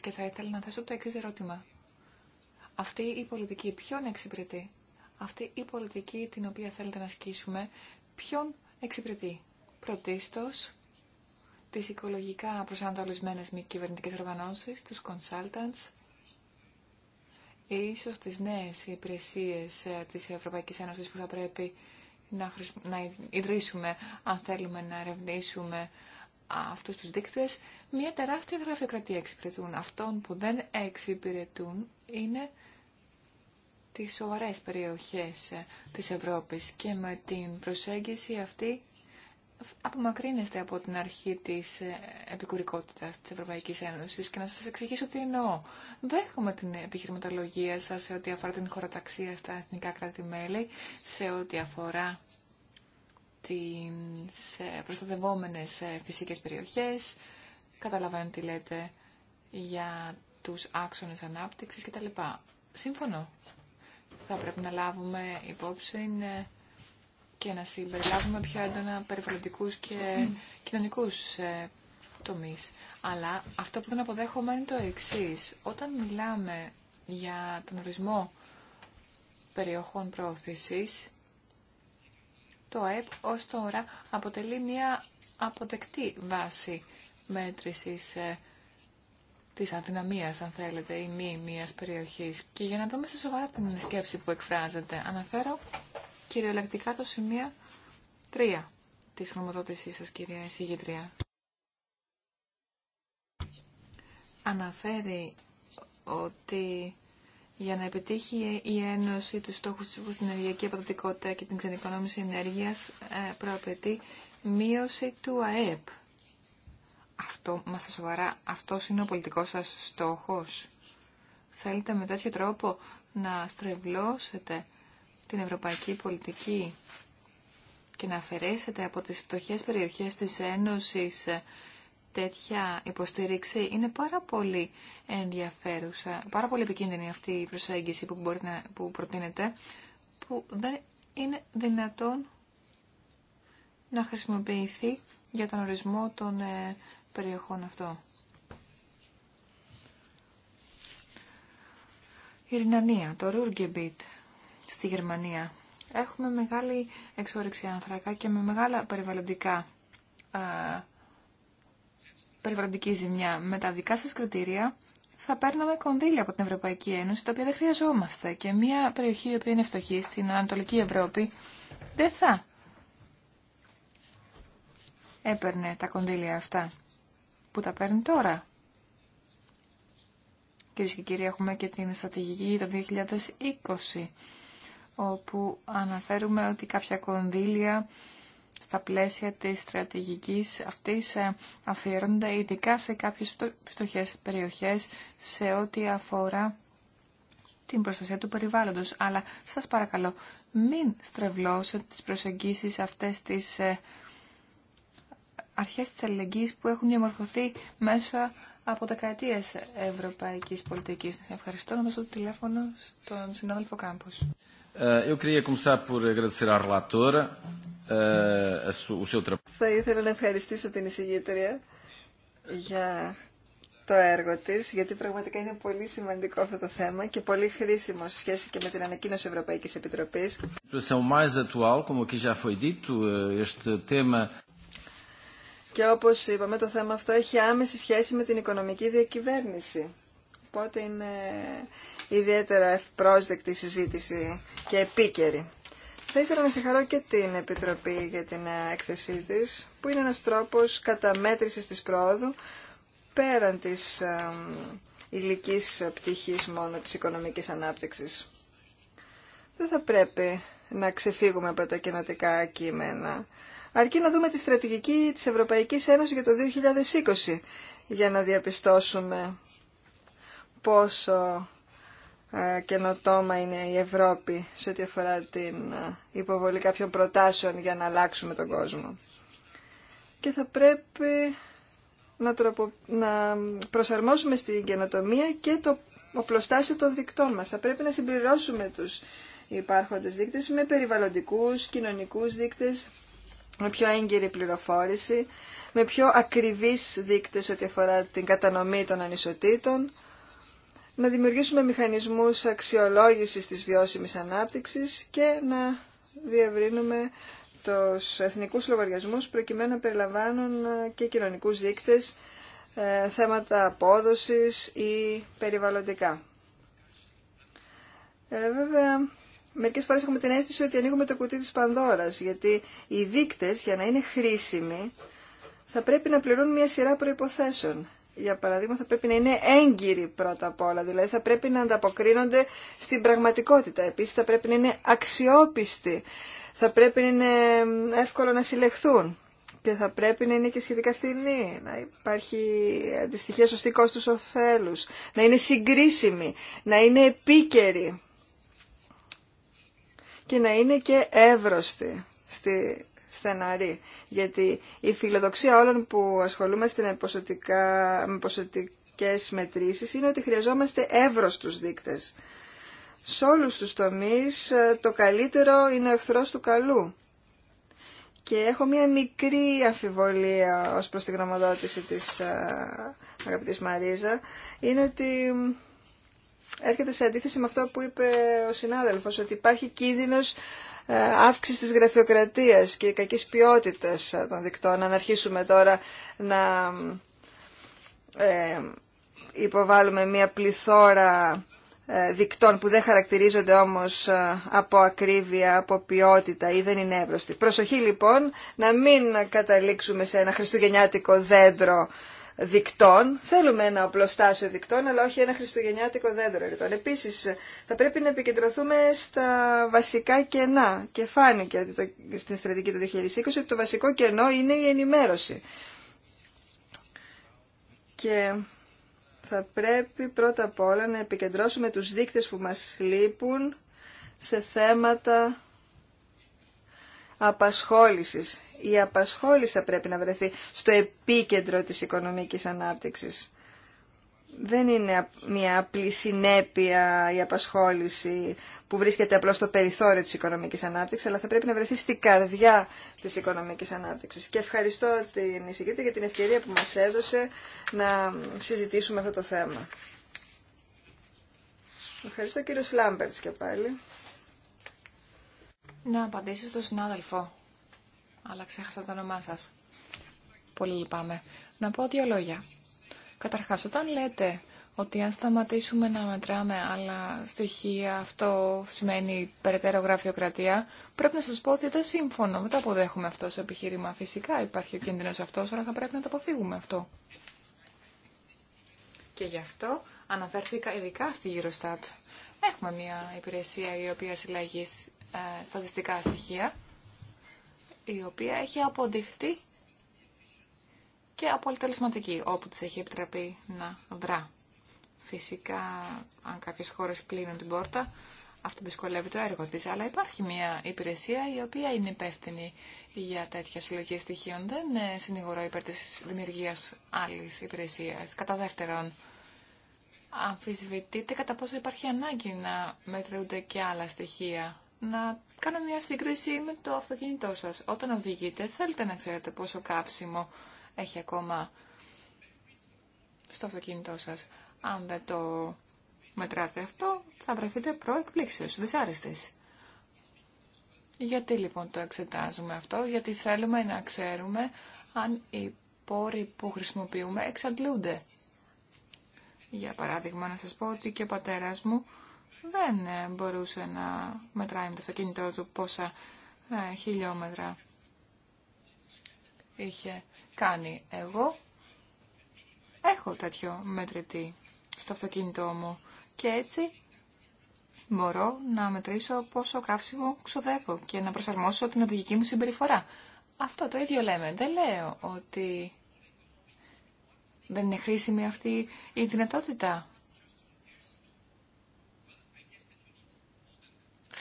Speaker 2: και θα ήθελα να θέσω το εξή ερώτημα. Αυτή η πολιτική ποιον εξυπηρετεί, αυτή η πολιτική την οποία θέλετε να ασκήσουμε, ποιον εξυπηρετεί. Πρωτίστως, τι οικολογικά προσανατολισμένε μη κυβερνητικέ οργανώσει, του consultants, ίσω τι νέε υπηρεσίε ε, τη Ευρωπαϊκή Ένωση που θα πρέπει να, ιδρύσουμε αν θέλουμε να ερευνήσουμε αυτούς τους δείκτες μια τεράστια γραφειοκρατία εξυπηρετούν. αυτόν που δεν εξυπηρετούν είναι τις σοβαρές περιοχές της Ευρώπης και με την προσέγγιση αυτή απομακρύνεστε από την αρχή της ε, επικουρικότητας της Ευρωπαϊκής Ένωσης και να σας εξηγήσω τι εννοώ. Δέχομαι την επιχειρηματολογία σας σε ό,τι αφορά την χωροταξία στα εθνικά κράτη-μέλη, σε ό,τι αφορά τις προστατευόμενες ε, φυσικές περιοχές, καταλαβαίνω τι λέτε για τους άξονες ανάπτυξης κτλ. Σύμφωνο. Θα πρέπει να λάβουμε υπόψη ε, και να συμπεριλάβουμε πιο έντονα περιβαλλοντικούς και κοινωνικούς ε, τομείς. Αλλά αυτό που δεν αποδέχομαι είναι το εξή. Όταν μιλάμε για τον ορισμό περιοχών προώθησης, το ΑΕΠ ως τώρα αποτελεί μια αποδεκτή βάση μέτρησης ε, της αδυναμίας, αν θέλετε, ή μη μιας περιοχής. Και για να δούμε σε σοβαρά την σκέψη που εκφράζεται, αναφέρω κυριολεκτικά το σημείο 3 της γνωμοδότησής σας, κυρία εισηγητρία. Αναφέρει ότι για να επιτύχει η Ένωση του στόχου της την ενεργειακή αποδοτικότητα και την ξενικονόμηση ενέργειας ε, προαπαιτεί μείωση του ΑΕΠ. Αυτό, μας τα σοβαρά, αυτός είναι ο πολιτικός σας στόχος. Θέλετε με τέτοιο τρόπο να στρεβλώσετε την ευρωπαϊκή πολιτική και να αφαιρέσετε από τις φτωχές περιοχές της Ένωσης ε, τέτοια υποστήριξη είναι πάρα πολύ ενδιαφέρουσα, πάρα πολύ επικίνδυνη αυτή η προσέγγιση που, μπορεί να, που προτείνεται, που δεν είναι δυνατόν να χρησιμοποιηθεί για τον ορισμό των ε, περιοχών αυτών. Η Ρινανία, το Ρουργκεμπίτ στη Γερμανία. Έχουμε μεγάλη εξόρυξη άνθρακα και με μεγάλα περιβαλλοντικά ε, περιβαλλοντική ζημιά. Με τα δικά σας κριτήρια θα παίρναμε κονδύλια από την Ευρωπαϊκή Ένωση, τα οποία δεν χρειαζόμαστε. Και μια περιοχή η οποία είναι φτωχή στην Ανατολική Ευρώπη δεν θα έπαιρνε τα κονδύλια αυτά που τα παίρνει τώρα. Κυρίε και κύριοι, έχουμε και την στρατηγική το 2020, όπου αναφέρουμε ότι κάποια κονδύλια στα πλαίσια της στρατηγικής αυτής ε, αφιερώνονται ειδικά σε κάποιες φτωχές περιοχές σε ό,τι αφορά την προστασία του περιβάλλοντος. Αλλά σας παρακαλώ μην στρεβλώσετε τις προσεγγίσεις αυτές της ε, αρχές της αλληλεγγύης που έχουν διαμορφωθεί μέσω από δεκαετίες ευρωπαϊκής πολιτικής. Ευχαριστώ να δώσω το τηλέφωνο στον συνάδελφο Κάμπος. Ε, ε,
Speaker 1: Θα ήθελα να ευχαριστήσω την εισηγήτρια για το έργο της, γιατί πραγματικά είναι πολύ σημαντικό αυτό το θέμα και πολύ χρήσιμο σε σχέση και με την ανακοίνωση Ευρωπαϊκής Επιτροπής. Και όπως είπαμε, το θέμα αυτό έχει άμεση σχέση με την οικονομική διακυβέρνηση. Οπότε είναι ιδιαίτερα ευπρόσδεκτη συζήτηση και επίκαιρη. Θα ήθελα να συγχαρώ και την Επιτροπή για την ε, έκθεσή της, που είναι ένας τρόπος καταμέτρησης της πρόοδου πέραν της υλικής πτυχής μόνο της οικονομικής ανάπτυξης. Δεν θα πρέπει να ξεφύγουμε από τα κοινοτικά κείμενα, αρκεί να δούμε τη στρατηγική της Ευρωπαϊκής Ένωσης για το 2020, για να διαπιστώσουμε πόσο ε, καινοτόμα είναι η Ευρώπη σε ό,τι αφορά την ε, υποβολή κάποιων προτάσεων για να αλλάξουμε τον κόσμο. Και θα πρέπει να, να προσαρμόσουμε στην καινοτομία και το οπλοστάσιο των δικτών μας. Θα πρέπει να συμπληρώσουμε τους υπάρχοντες δείκτες με περιβαλλοντικούς, κοινωνικούς δείκτες, με πιο έγκυρη πληροφόρηση, με πιο ακριβείς δείκτες ό,τι αφορά την κατανομή των ανισοτήτων, να δημιουργήσουμε μηχανισμούς αξιολόγησης της βιώσιμης ανάπτυξης και να διευρύνουμε τους εθνικούς λογαριασμούς προκειμένου να περιλαμβάνουν και κοινωνικούς δείκτες, ε, θέματα απόδοσης ή περιβαλλοντικά. Ε, βέβαια, μερικές φορές έχουμε την αίσθηση ότι ανοίγουμε το κουτί της Πανδώρας, γιατί οι δείκτες για να είναι χρήσιμοι θα πρέπει να πληρούν μια σειρά προϋποθέσεων για παράδειγμα, θα πρέπει να είναι έγκυροι πρώτα απ' όλα. Δηλαδή θα πρέπει να ανταποκρίνονται στην πραγματικότητα. Επίσης θα πρέπει να είναι αξιόπιστοι. Θα πρέπει να είναι εύκολο να συλλεχθούν. Και θα πρέπει να είναι και σχετικά φθηνοί, να υπάρχει αντιστοιχεία σωστή κόστου ωφέλου. να είναι συγκρίσιμοι, να είναι επίκαιροι. και να είναι και εύρωστοι στη στεναρή. Γιατί η φιλοδοξία όλων που ασχολούμαστε με, ποσοτικά, με ποσοτικές μετρήσεις είναι ότι χρειαζόμαστε εύρωστους δείκτες. Σε όλους τους τομείς ε, το καλύτερο είναι ο εχθρός του καλού. Και έχω μία μικρή αφιβολία ως προς τη γνωμοδότηση της ε, αγαπητής Μαρίζα. Είναι ότι έρχεται σε αντίθεση με αυτό που είπε ο συνάδελφος, ότι υπάρχει κίνδυνος ε, αύξηση της γραφειοκρατίας και κακής ποιότητας των δικτών, αν αρχίσουμε τώρα να ε, υποβάλουμε μια πληθώρα ε, δικτών που δεν χαρακτηρίζονται όμως από ακρίβεια, από ποιότητα ή δεν είναι εύρωστοι. Προσοχή λοιπόν να μην καταλήξουμε σε ένα χριστουγεννιάτικο δέντρο δικτών. Θέλουμε ένα οπλοστάσιο δικτών, αλλά όχι ένα χριστουγεννιάτικο δέντρο ρητών. Επίσης, θα πρέπει να επικεντρωθούμε στα βασικά κενά. Και φάνηκε ότι το, στην στρατηγική του 2020 ότι το βασικό κενό είναι η ενημέρωση. Και θα πρέπει πρώτα απ' όλα να επικεντρώσουμε τους δείκτες που μας λείπουν σε θέματα απασχόλησης. Η απασχόληση θα πρέπει να βρεθεί στο επίκεντρο της οικονομικής ανάπτυξης. Δεν είναι μια απλή συνέπεια η απασχόληση που βρίσκεται απλώς στο περιθώριο της οικονομικής ανάπτυξης, αλλά θα πρέπει να βρεθεί στη καρδιά της οικονομικής ανάπτυξης. Και ευχαριστώ την εισηγήτρια για την ευκαιρία που μας έδωσε να συζητήσουμε αυτό το θέμα. Ευχαριστώ κύριο Λάμπερτς και πάλι
Speaker 2: να απαντήσω στον συνάδελφο. Αλλά ξέχασα το όνομά σα. Πολύ λυπάμαι. Να πω δύο λόγια. Καταρχά, όταν λέτε ότι αν σταματήσουμε να μετράμε άλλα στοιχεία, αυτό σημαίνει περαιτέρω γραφειοκρατία, πρέπει να σα πω ότι δεν σύμφωνο. Μετά αποδέχομαι αυτό σε επιχείρημα. Φυσικά υπάρχει ο κίνδυνο αυτό, αλλά θα πρέπει να το αποφύγουμε αυτό. Και γι' αυτό αναφέρθηκα ειδικά στη Eurostat. Έχουμε μια υπηρεσία η οποία συλλαγεί ε, στατιστικά στοιχεία, η οποία έχει αποδειχτεί και αποτελεσματική όπου της έχει επιτραπεί να δρά. Φυσικά, αν κάποιες χώρες κλείνουν την πόρτα, αυτό δυσκολεύει το έργο της, αλλά υπάρχει μια υπηρεσία η οποία είναι υπεύθυνη για τέτοια συλλογή στοιχείων. Δεν ε, συνηγορώ υπέρ της δημιουργίας άλλης υπηρεσίας. Κατά δεύτερον, αμφισβητείται κατά πόσο υπάρχει ανάγκη να μετρούνται και άλλα στοιχεία να κάνω μια σύγκριση με το αυτοκίνητό σας. Όταν οδηγείτε, θέλετε να ξέρετε πόσο καύσιμο έχει ακόμα στο αυτοκίνητό σας. Αν δεν το μετράτε αυτό, θα βρεθείτε προεκπλήξεως, δυσάρεστης. Γιατί λοιπόν το εξετάζουμε αυτό, γιατί θέλουμε να ξέρουμε αν οι πόροι που χρησιμοποιούμε εξαντλούνται. Για παράδειγμα, να σας πω ότι και ο πατέρας μου δεν ε, μπορούσε να μετράει με το αυτοκίνητό του πόσα ε, χιλιόμετρα είχε κάνει. Εγώ έχω τέτοιο μετρητή στο αυτοκίνητό μου και έτσι μπορώ να μετρήσω πόσο καύσιμο ξοδεύω και να προσαρμόσω την οδηγική μου συμπεριφορά. Αυτό το ίδιο λέμε. Δεν λέω ότι δεν είναι χρήσιμη αυτή η δυνατότητα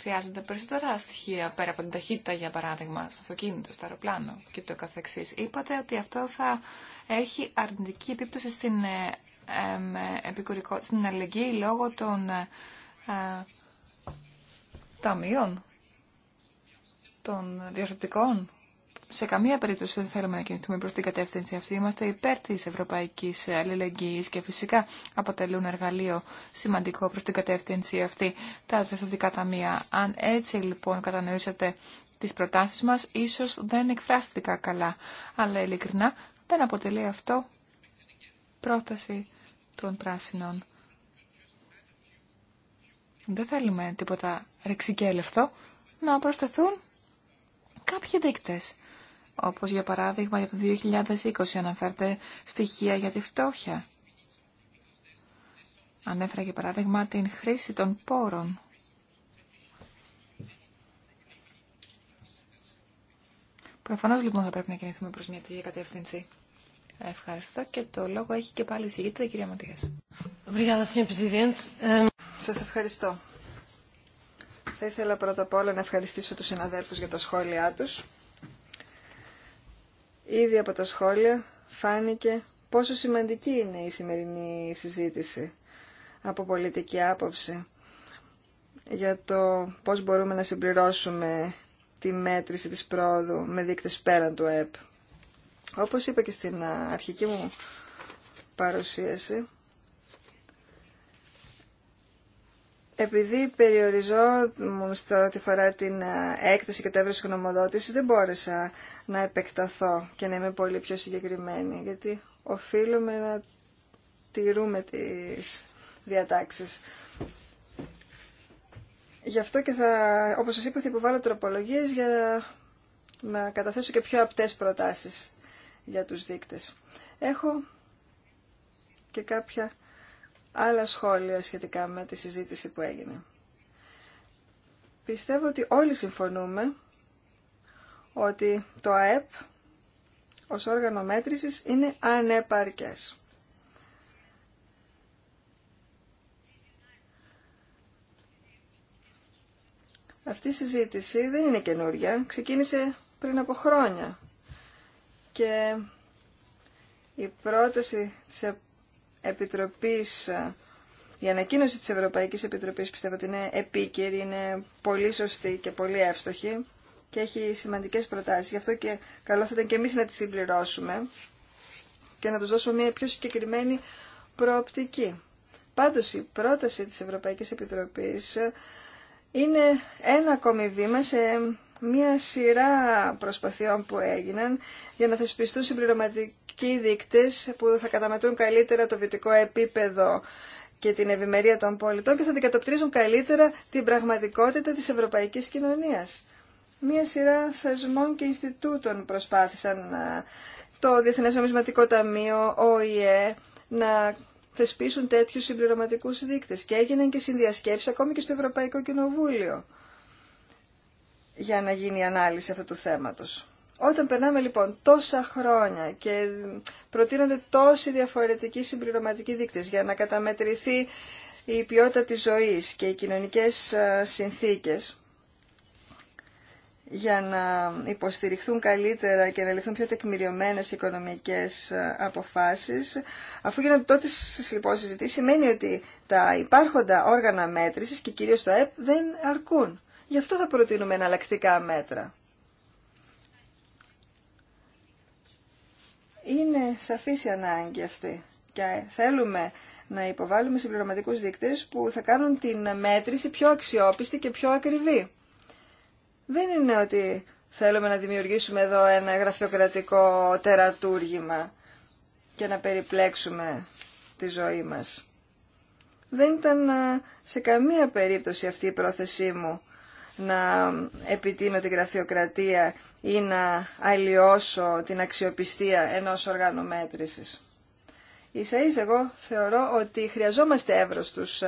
Speaker 2: χρειάζονται περισσότερα στοιχεία πέρα από την ταχύτητα, για παράδειγμα, στο αυτοκίνητο, στο αεροπλάνο και το καθεξής. Είπατε ότι αυτό θα έχει αρνητική επίπτωση στην, ε, στην αλληλεγγύη λόγω των ε, ταμείων, των διορθωτικών σε καμία περίπτωση δεν θέλουμε να κινηθούμε προ την κατεύθυνση αυτή. Είμαστε υπέρ τη ευρωπαϊκής αλληλεγγύης και φυσικά αποτελούν εργαλείο σημαντικό προς την κατεύθυνση αυτή τα διευθυντικά ταμεία. Αν έτσι λοιπόν κατανοήσατε τις προτάσεις μας, ίσως δεν εκφράστηκα καλά. Αλλά ειλικρινά δεν αποτελεί αυτό πρόταση των πράσινων. Δεν θέλουμε τίποτα ρεξικέλευτο να προσθεθούν κάποιοι δείκτες όπως για παράδειγμα για το 2020 αναφέρεται στοιχεία για τη φτώχεια. Ανέφερα για παράδειγμα την χρήση των πόρων. Προφανώς λοιπόν θα πρέπει να κινηθούμε προς μια τέτοια κατεύθυνση. Ευχαριστώ και το λόγο έχει και πάλι η η κυρία Ματίας.
Speaker 1: Σας ευχαριστώ. Θα ήθελα πρώτα απ' όλα να ευχαριστήσω τους συναδέλφους για τα σχόλιά τους. Ήδη από τα σχόλια φάνηκε πόσο σημαντική είναι η σημερινή συζήτηση από πολιτική άποψη για το πώς μπορούμε να συμπληρώσουμε τη μέτρηση της πρόοδου με δείκτες πέραν του ΕΠ. Όπως είπα και στην αρχική μου παρουσίαση, Επειδή περιοριζόμουν στο ότι φορά την έκταση και το έβρισκο γνωμοδότηση, δεν μπόρεσα να επεκταθώ και να είμαι πολύ πιο συγκεκριμένη, γιατί οφείλουμε να τηρούμε τις διατάξεις. Γι' αυτό και θα, όπως σας είπα, θα υποβάλω τροπολογίες για να καταθέσω και πιο απτές προτάσεις για τους δείκτες. Έχω και κάποια άλλα σχόλια σχετικά με τη συζήτηση που έγινε. Πιστεύω ότι όλοι συμφωνούμε ότι το ΑΕΠ ως όργανο μέτρησης είναι ανεπαρκές. Αυτή η συζήτηση δεν είναι καινούρια. Ξεκίνησε πριν από χρόνια. Και η πρόταση της Επιτροπής, ε, η ανακοίνωση της Ευρωπαϊκής Επιτροπής πιστεύω ότι είναι επίκαιρη, είναι πολύ σωστή και πολύ εύστοχη και έχει σημαντικές προτάσεις. Γι' αυτό και καλό θα ήταν και εμείς να τις συμπληρώσουμε και να τους δώσουμε μια πιο συγκεκριμένη προοπτική. Πάντως η πρόταση της Ευρωπαϊκής Επιτροπής ε, είναι ένα ακόμη βήμα σε μία σειρά προσπαθειών που έγιναν για να θεσπιστούν συμπληρωματικοί δείκτες που θα καταμετρούν καλύτερα το βιωτικό επίπεδο και την ευημερία των πολιτών και θα αντικατοπτρίζουν καλύτερα την πραγματικότητα της ευρωπαϊκής κοινωνίας. Μία σειρά θεσμών και Ινστιτούτων προσπάθησαν ε, το Διεθνές Νομισματικό Ταμείο, ΟΗΕ, να θεσπίσουν τέτοιους συμπληρωματικούς δείκτες και έγιναν και συνδιασκέψεις ακόμη και στο Ευρωπαϊκό Κοινοβούλιο για να γίνει η ανάλυση αυτού του θέματος. Όταν περνάμε λοιπόν τόσα χρόνια και προτείνονται τόσοι διαφορετικοί συμπληρωματικοί δείκτες για να καταμετρηθεί η ποιότητα της ζωής και οι κοινωνικές ε, συνθήκες για να υποστηριχθούν καλύτερα και να ληφθούν πιο τεκμηριωμένες οικονομικές ε, αποφάσεις. Αφού γίνονται τότε λοιπόν συζητήσει, σημαίνει ότι τα υπάρχοντα όργανα μέτρησης και κυρίως το ΕΠ δεν αρκούν. Γι' αυτό θα προτείνουμε εναλλακτικά μέτρα. Είναι σαφής η ανάγκη αυτή και θέλουμε να υποβάλουμε συμπληρωματικούς δείκτες που θα κάνουν την μέτρηση πιο αξιόπιστη και πιο ακριβή. Δεν είναι ότι θέλουμε να δημιουργήσουμε εδώ ένα γραφειοκρατικό τερατούργημα και να περιπλέξουμε τη ζωή μας. Δεν ήταν ε, σε καμία περίπτωση αυτή η πρόθεσή μου να επιτείνω την γραφειοκρατία ή να αλλοιώσω την αξιοπιστία ενός οργάνου μέτρησης. Ίσα ίσα εγώ θεωρώ ότι χρειαζόμαστε τους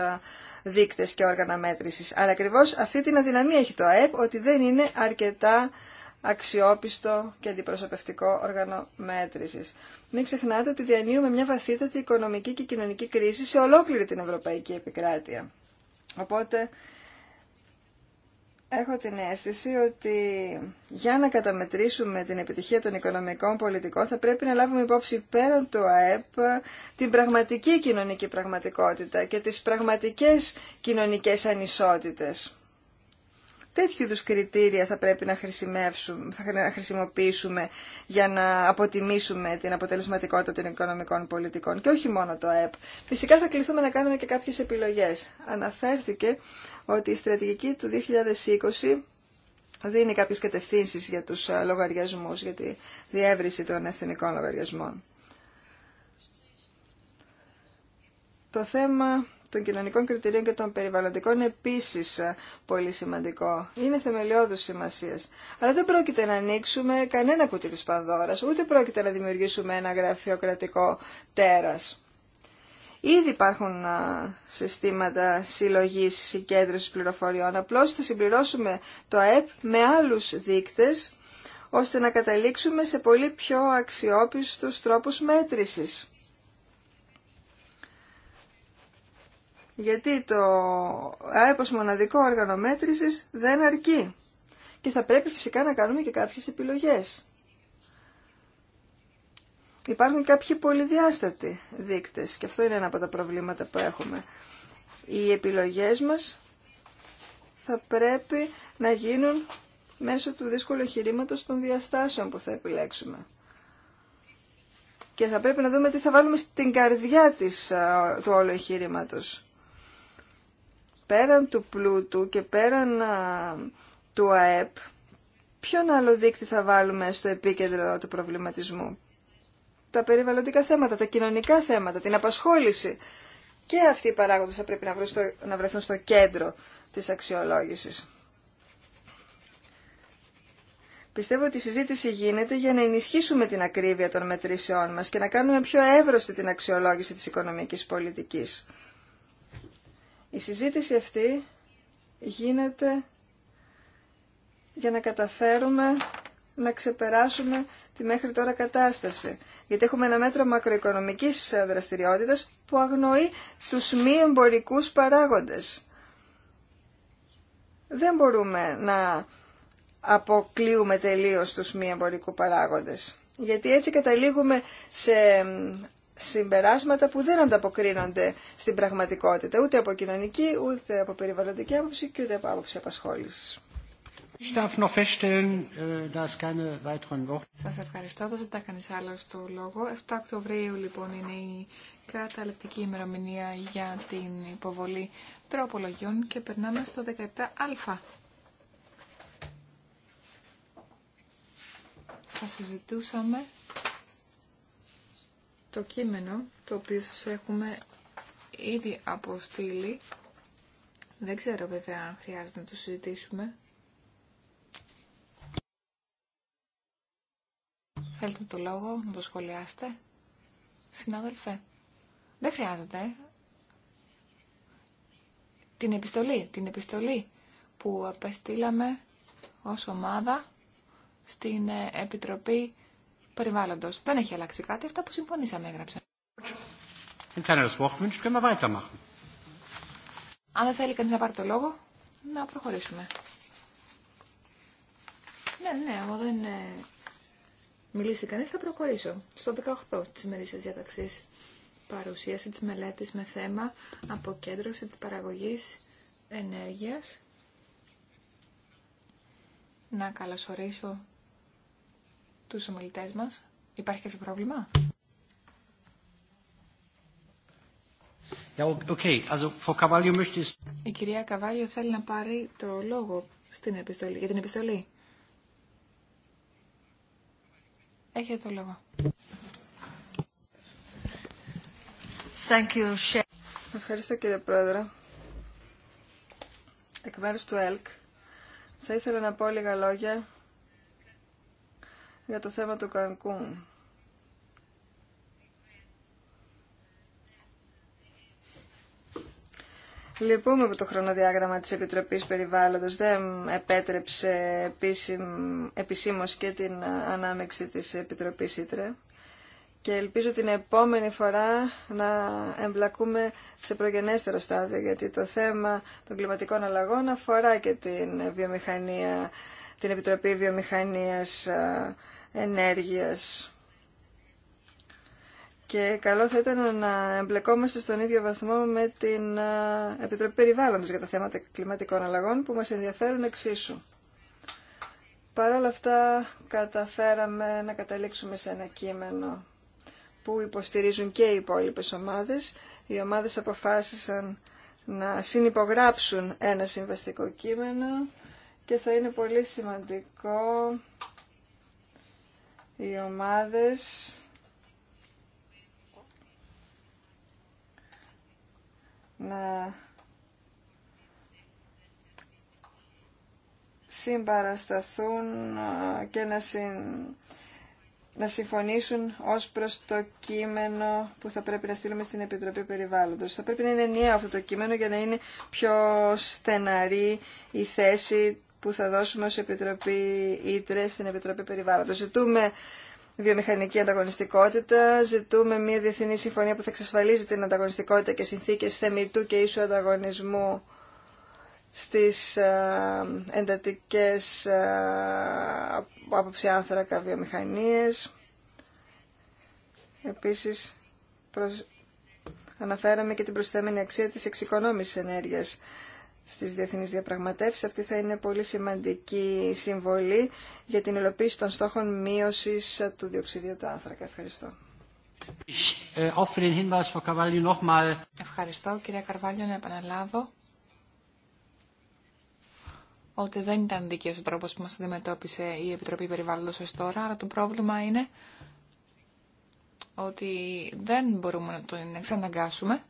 Speaker 1: δείκτες και όργανα μέτρησης, αλλά ακριβώ αυτή την αδυναμία έχει το ΑΕΠ ότι δεν είναι αρκετά αξιόπιστο και αντιπροσωπευτικό όργανο μέτρησης. Μην ξεχνάτε ότι διανύουμε μια βαθύτατη οικονομική και κοινωνική κρίση σε ολόκληρη την ευρωπαϊκή επικράτεια. Οπότε Έχω την αίσθηση ότι για να καταμετρήσουμε την επιτυχία των οικονομικών πολιτικών θα πρέπει να λάβουμε υπόψη πέραν του ΑΕΠ την πραγματική κοινωνική πραγματικότητα και τις πραγματικές κοινωνικές ανισότητες. Τέτοιου είδου κριτήρια θα πρέπει να, θα χρησιμοποιήσουμε για να αποτιμήσουμε την αποτελεσματικότητα των οικονομικών πολιτικών και όχι μόνο το ΑΕΠ. Φυσικά θα κληθούμε να κάνουμε και κάποιες επιλογές. Αναφέρθηκε ότι η στρατηγική του 2020 δίνει κάποιες κατευθύνσεις για τους λογαριασμούς, για τη διεύρυνση των εθνικών λογαριασμών. Το θέμα των κοινωνικών κριτηρίων και των περιβαλλοντικών είναι επίσης ε, πολύ σημαντικό. Είναι θεμελιώδους σημασίας. Αλλά δεν πρόκειται να ανοίξουμε κανένα κουτί της Πανδώρας, ούτε πρόκειται να δημιουργήσουμε ένα γραφειοκρατικό τέρας. Ήδη υπάρχουν ε, συστήματα συλλογή συγκέντρωση πληροφοριών. Απλώς θα συμπληρώσουμε το ΑΕΠ με άλλους δείκτες, ώστε να καταλήξουμε σε πολύ πιο αξιόπιστους τρόπους μέτρησης γιατί το ΑΕΠος μοναδικό όργανο δεν αρκεί. Και θα πρέπει φυσικά να κάνουμε και κάποιες επιλογές. Υπάρχουν κάποιοι πολυδιάστατοι δείκτες και αυτό είναι ένα από τα προβλήματα που έχουμε. Οι επιλογές μας θα πρέπει να γίνουν μέσω του δύσκολου εγχειρήματο των διαστάσεων που θα επιλέξουμε. Και θα πρέπει να δούμε τι θα βάλουμε στην καρδιά του όλου εγχειρήματος πέραν του πλούτου και πέραν του ΑΕΠ, ποιον άλλο δείκτη θα βάλουμε στο επίκεντρο του προβληματισμού. Τα περιβαλλοντικά θέματα, τα κοινωνικά θέματα, την απασχόληση. Και αυτοί οι παράγοντες θα πρέπει να βρεθούν στο κέντρο της αξιολόγησης. Πιστεύω ότι η συζήτηση γίνεται για να ενισχύσουμε την ακρίβεια των μετρήσεών μας και να κάνουμε πιο εύρωστη την αξιολόγηση της οικονομικής πολιτικής. Η συζήτηση αυτή γίνεται για να καταφέρουμε να ξεπεράσουμε τη μέχρι τώρα κατάσταση. Γιατί έχουμε ένα μέτρο μακροοικονομικής δραστηριότητας που αγνοεί τους μη εμπορικού παράγοντες. Δεν μπορούμε να αποκλείουμε τελείως τους μη εμπορικού παράγοντες. Γιατί έτσι καταλήγουμε σε συμπεράσματα που δεν ανταποκρίνονται στην πραγματικότητα, ούτε από κοινωνική, ούτε από περιβαλλοντική άποψη και ούτε από άποψη απασχόλησης. Äh, Σα
Speaker 2: ευχαριστώ. Δεν τα κανεί άλλο το λόγο. 7 Οκτωβρίου λοιπόν είναι η καταληκτική ημερομηνία για την υποβολή τροπολογιών και περνάμε στο 17α. Θα συζητούσαμε το κείμενο το οποίο σας έχουμε ήδη αποστείλει. Δεν ξέρω βέβαια αν χρειάζεται να το συζητήσουμε. Θέλετε το λόγο να το σχολιάσετε. Συνάδελφε, δεν χρειάζεται. Την επιστολή, την επιστολή που απεστήλαμε ως ομάδα στην ε, Επιτροπή περιβάλλοντος. Δεν έχει αλλάξει κάτι. Αυτά που συμφωνήσαμε έγραψα. Αν δεν θέλει κανείς να πάρει το λόγο, να προχωρήσουμε. Ναι, ναι, άμα δεν ε, μιλήσει κανείς θα προχωρήσω. Στο 18 της ημερήσιας διαταξής παρουσίαση της μελέτης με θέμα αποκέντρωση της παραγωγής ενέργειας. Να καλωσορίσω τους ομιλητές μας. Υπάρχει κάποιο πρόβλημα? Okay. Η κυρία Καβάλιο θέλει να πάρει το λόγο στην επιστολή, για την επιστολή. Έχετε το λόγο.
Speaker 1: Thank you. Ευχαριστώ κύριε Πρόεδρε. Εκ μέρους του ΕΛΚ θα ήθελα να πω λίγα λόγια για το θέμα του Κανκούν. Λυπούμε που το χρονοδιάγραμμα της Επιτροπής Περιβάλλοντος δεν επέτρεψε επισήμως και την ανάμεξη της Επιτροπής Ήτρε και ελπίζω την επόμενη φορά να εμπλακούμε σε προγενέστερο στάδιο γιατί το θέμα των κλιματικών αλλαγών αφορά και την βιομηχανία, την Επιτροπή Βιομηχανίας ενέργειας. Και καλό θα ήταν να εμπλεκόμαστε στον ίδιο βαθμό με την Επιτροπή Περιβάλλοντος για τα θέματα κλιματικών αλλαγών που μας ενδιαφέρουν εξίσου. Παρ' όλα αυτά καταφέραμε να καταλήξουμε σε ένα κείμενο που υποστηρίζουν και οι υπόλοιπε ομάδες. Οι ομάδες αποφάσισαν να συνυπογράψουν ένα συμβαστικό κείμενο και θα είναι πολύ σημαντικό οι ομάδες να συμπαρασταθούν ε, και να, συν, να συμφωνήσουν ως προς το κείμενο που θα πρέπει να στείλουμε στην Επιτροπή Περιβάλλοντος. Θα πρέπει να είναι ενιαίο αυτό το κείμενο για να είναι πιο στεναρή η θέση που θα δώσουμε ως Επιτροπή Ήτρε στην Επιτροπή Περιβάλλοντος. Ζητούμε βιομηχανική ανταγωνιστικότητα, ζητούμε μια διεθνή συμφωνία που θα εξασφαλίζει την ανταγωνιστικότητα και συνθήκες θεμητού και ίσου ανταγωνισμού στις εντατικές άποψη άνθρακα βιομηχανίες. Επίσης, αναφέραμε και την προσθέμενη αξία της εξοικονόμησης ενέργειας στις διεθνείς διαπραγματεύσεις. Αυτή θα είναι πολύ σημαντική συμβολή για την υλοποίηση των στόχων μείωσης του διοξιδίου του άνθρακα. Ευχαριστώ.
Speaker 2: Äh, Ευχαριστώ κυρία Καρβάλιο να επαναλάβω ότι δεν ήταν δίκαιο ο τρόπο που μας αντιμετώπισε η Επιτροπή Περιβάλλοντος ω τώρα, αλλά το πρόβλημα είναι ότι δεν μπορούμε να τον εξαναγκάσουμε.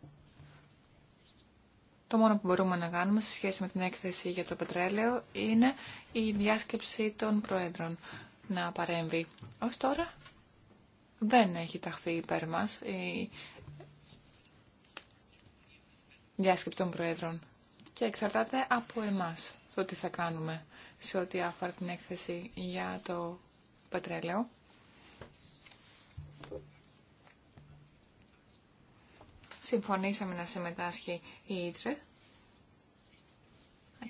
Speaker 2: Το μόνο που μπορούμε να κάνουμε σε σχέση με την έκθεση για το πετρέλαιο είναι η διάσκεψη των Προέδρων να παρέμβει. Ως τώρα δεν έχει ταχθεί υπέρ μας η διάσκεψη των Προέδρων και εξαρτάται από εμάς το τι θα κάνουμε σε ό,τι αφορά την έκθεση για το πετρέλαιο. συμφωνήσαμε να συμμετάσχει η Ήτρε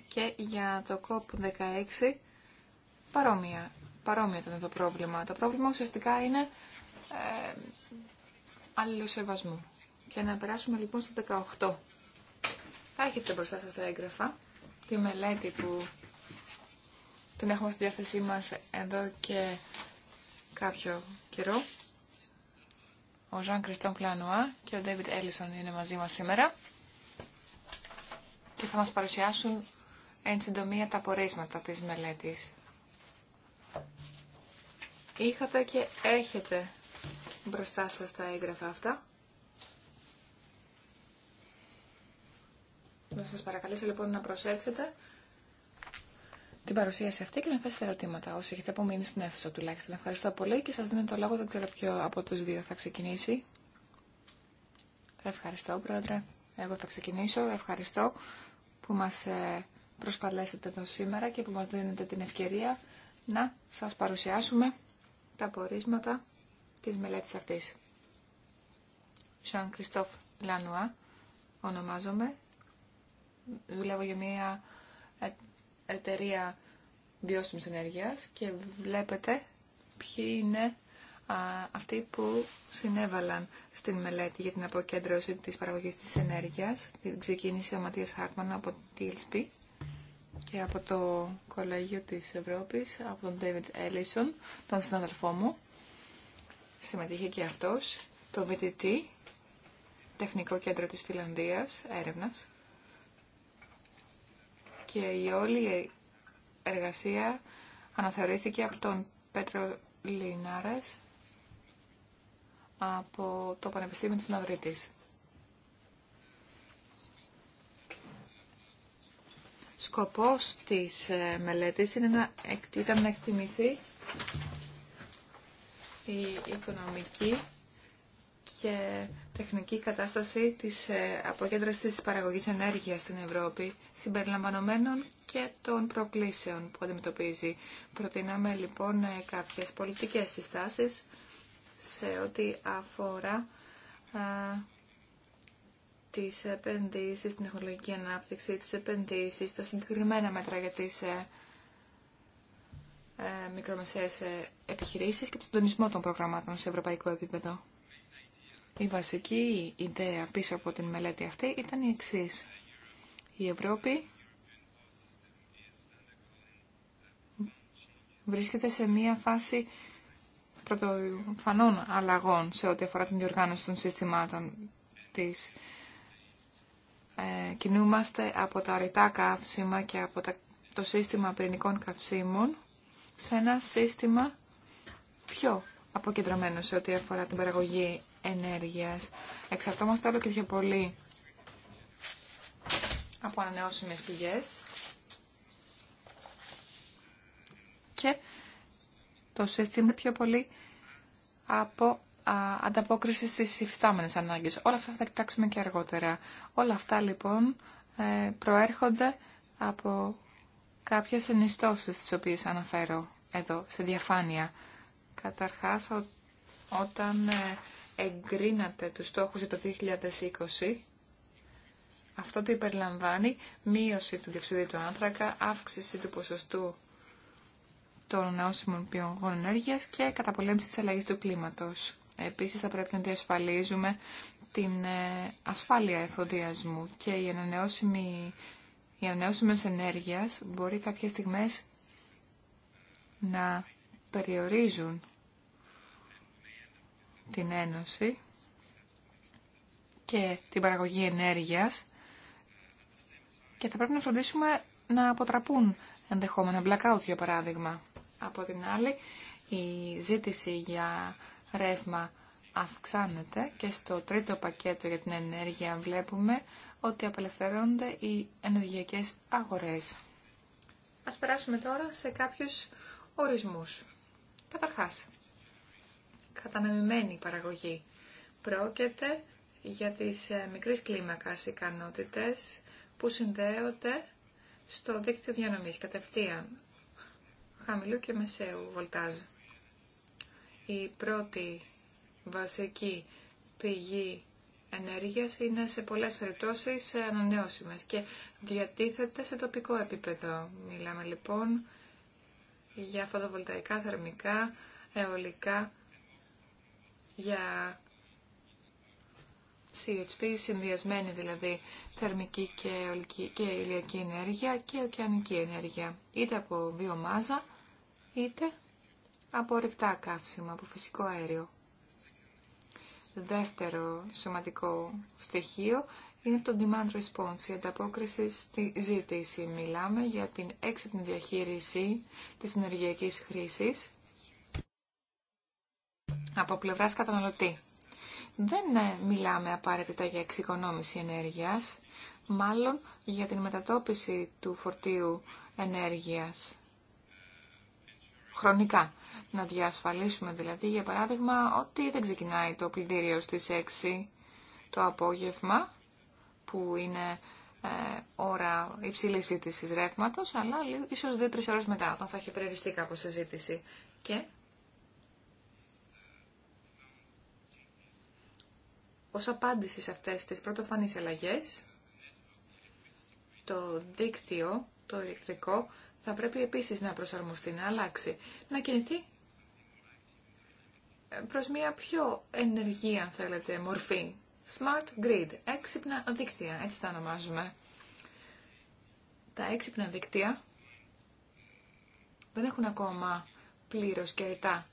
Speaker 2: και για το COP16 παρόμοια, παρόμοια ήταν το πρόβλημα. Το πρόβλημα ουσιαστικά είναι ε, αλληλοσεβασμού. Και να περάσουμε λοιπόν στο 18. Θα έχετε μπροστά σας τα έγγραφα, τη μελέτη που την έχουμε στη διάθεσή μας εδώ και κάποιο καιρό. Ο Ζαν Κριστόν Πλανουά και ο Ντέιβιτ Έλισον είναι μαζί μας σήμερα και θα μας παρουσιάσουν εν συντομία τα πορίσματα της μελέτης. Είχατε και έχετε μπροστά σας τα έγγραφα αυτά. Θα σας παρακαλέσω λοιπόν να προσέξετε την παρουσίαση αυτή και να θέσετε ερωτήματα. Όσοι έχετε απομείνει στην αίθουσα τουλάχιστον. Ευχαριστώ πολύ και σας δίνω το λόγο. Δεν ξέρω ποιο από τους δύο θα ξεκινήσει. Ευχαριστώ, Πρόεδρε. Εγώ θα ξεκινήσω. Ευχαριστώ που μας ε, προσκαλέσετε εδώ σήμερα και που μας δίνετε την ευκαιρία να σας παρουσιάσουμε τα πορίσματα της μελέτης αυτής. Σαν Κριστόφ Λανουά ονομάζομαι. Δουλεύω για μια ε, εταιρεία βιώσιμης ενέργειας και βλέπετε ποιοι είναι αυτοί που συνέβαλαν στην μελέτη για την αποκέντρωση της παραγωγής της ενέργειας. Την ξεκίνησε ο Ματίας Χάρτμαν από τη TLSP και από το Κολέγιο της Ευρώπης, από τον David Ellison, τον συναδελφό μου. Συμμετείχε και αυτός, το VTT, Τεχνικό Κέντρο της Φιλανδίας, έρευνας και η όλη εργασία αναθεωρήθηκε από τον Πέτρο Λινάρες από το Πανεπιστήμιο της Μαδρίτης. Σκοπός της ε, μελέτης είναι να, ήταν να εκτιμηθεί η οικονομική και τεχνική κατάσταση της ε, αποκέντρωσης της παραγωγής ενέργειας στην Ευρώπη, συμπεριλαμβανομένων και των προκλήσεων που αντιμετωπίζει. Προτείναμε λοιπόν ε, κάποιες πολιτικές συστάσεις σε ό,τι αφορά α, τις επενδύσεις, την τεχνολογική ανάπτυξη, τις επενδύσεις, τα συγκεκριμένα μέτρα για τις ε, ε, μικρομεσαίες ε, επιχειρήσεις και τον τονισμό των προγραμμάτων σε ευρωπαϊκό επίπεδο. Η βασική ιδέα πίσω από την μελέτη αυτή ήταν η εξής. Η Ευρώπη βρίσκεται σε μία φάση πρωτοφανών αλλαγών σε ό,τι αφορά την διοργάνωση των συστημάτων της. Ε, κινούμαστε από τα αριτά καύσιμα και από το σύστημα πυρηνικών καυσίμων σε ένα σύστημα πιο αποκεντρωμένο σε ό,τι αφορά την παραγωγή ενέργειας. Εξαρτώμαστε όλο και πιο πολύ από ανανεώσιμες πηγές και το σύστημα πιο πολύ από ανταπόκριση στις υφιστάμενες ανάγκες. Όλα αυτά θα τα κοιτάξουμε και αργότερα. Όλα αυτά λοιπόν ε, προέρχονται από κάποιες ενιστώσεις τις οποίες αναφέρω εδώ σε διαφάνεια. Καταρχάς, ό, όταν ε, εγκρίνατε τους στόχους για το 2020, αυτό το υπερλαμβάνει μείωση του διοξειδίου του άνθρακα, αύξηση του ποσοστού των ανανεώσιμων πηγών ενέργειας και καταπολέμηση της αλλαγής του κλίματος. Επίσης θα πρέπει να διασφαλίζουμε την ε, ασφάλεια εφοδιασμού και η ανανεώσιμη οι ανανεώσιμες ενέργειας μπορεί κάποιες στιγμές να περιορίζουν την Ένωση και την παραγωγή ενέργειας και θα πρέπει να φροντίσουμε να αποτραπούν ενδεχόμενα blackout για παράδειγμα. Από την άλλη, η ζήτηση για ρεύμα αυξάνεται και στο τρίτο πακέτο για την ενέργεια βλέπουμε ότι απελευθερώνονται οι ενεργειακές αγορές. Ας περάσουμε τώρα σε κάποιους ορισμούς. Καταρχάς, καταναμημένη παραγωγή. Πρόκειται για τις ε, μικρής κλίμακας ικανότητες που συνδέονται στο δίκτυο διανομής κατευθείαν χαμηλού και μεσαίου βολτάζ. Η πρώτη βασική πηγή ενέργειας είναι σε πολλές περιπτώσεις ανανεώσιμες και διατίθεται σε τοπικό επίπεδο. Μιλάμε λοιπόν για φωτοβολταϊκά, θερμικά, αιωλικά για CHP, συνδυασμένη δηλαδή θερμική και, ολική, και ηλιακή ενέργεια και ωκεανική ενέργεια, είτε από βιομάζα, είτε από ρηκτά καύσιμα, από φυσικό αέριο. Δεύτερο σημαντικό στοιχείο είναι το demand response, η ανταπόκριση στη ζήτηση. Μιλάμε για την έξυπνη διαχείριση της ενεργειακής χρήσης από πλευράς καταναλωτή. Δεν ε, μιλάμε απαραίτητα για εξοικονόμηση ενέργειας, μάλλον για την μετατόπιση του φορτίου ενέργειας χρονικά. Να διασφαλίσουμε δηλαδή, για παράδειγμα, ότι δεν ξεκινάει το πλυντήριο στις 6 το απόγευμα, που είναι ε, ώρα υψηλή ζήτηση ρεύματο, αλλά ίσως δύο-τρει ώρε μετά, όταν θα έχει περιοριστεί κάπω η Και Ως απάντηση σε αυτές τις πρωτοφανείς αλλαγές, το δίκτυο, το ηλεκτρικό, θα πρέπει επίσης να προσαρμοστεί, να αλλάξει, να κινηθεί προς μια πιο ενεργή, αν θέλετε, μορφή. Smart Grid, έξυπνα δίκτυα, έτσι τα ονομάζουμε. Τα έξυπνα δίκτυα δεν έχουν ακόμα πλήρως και ρητά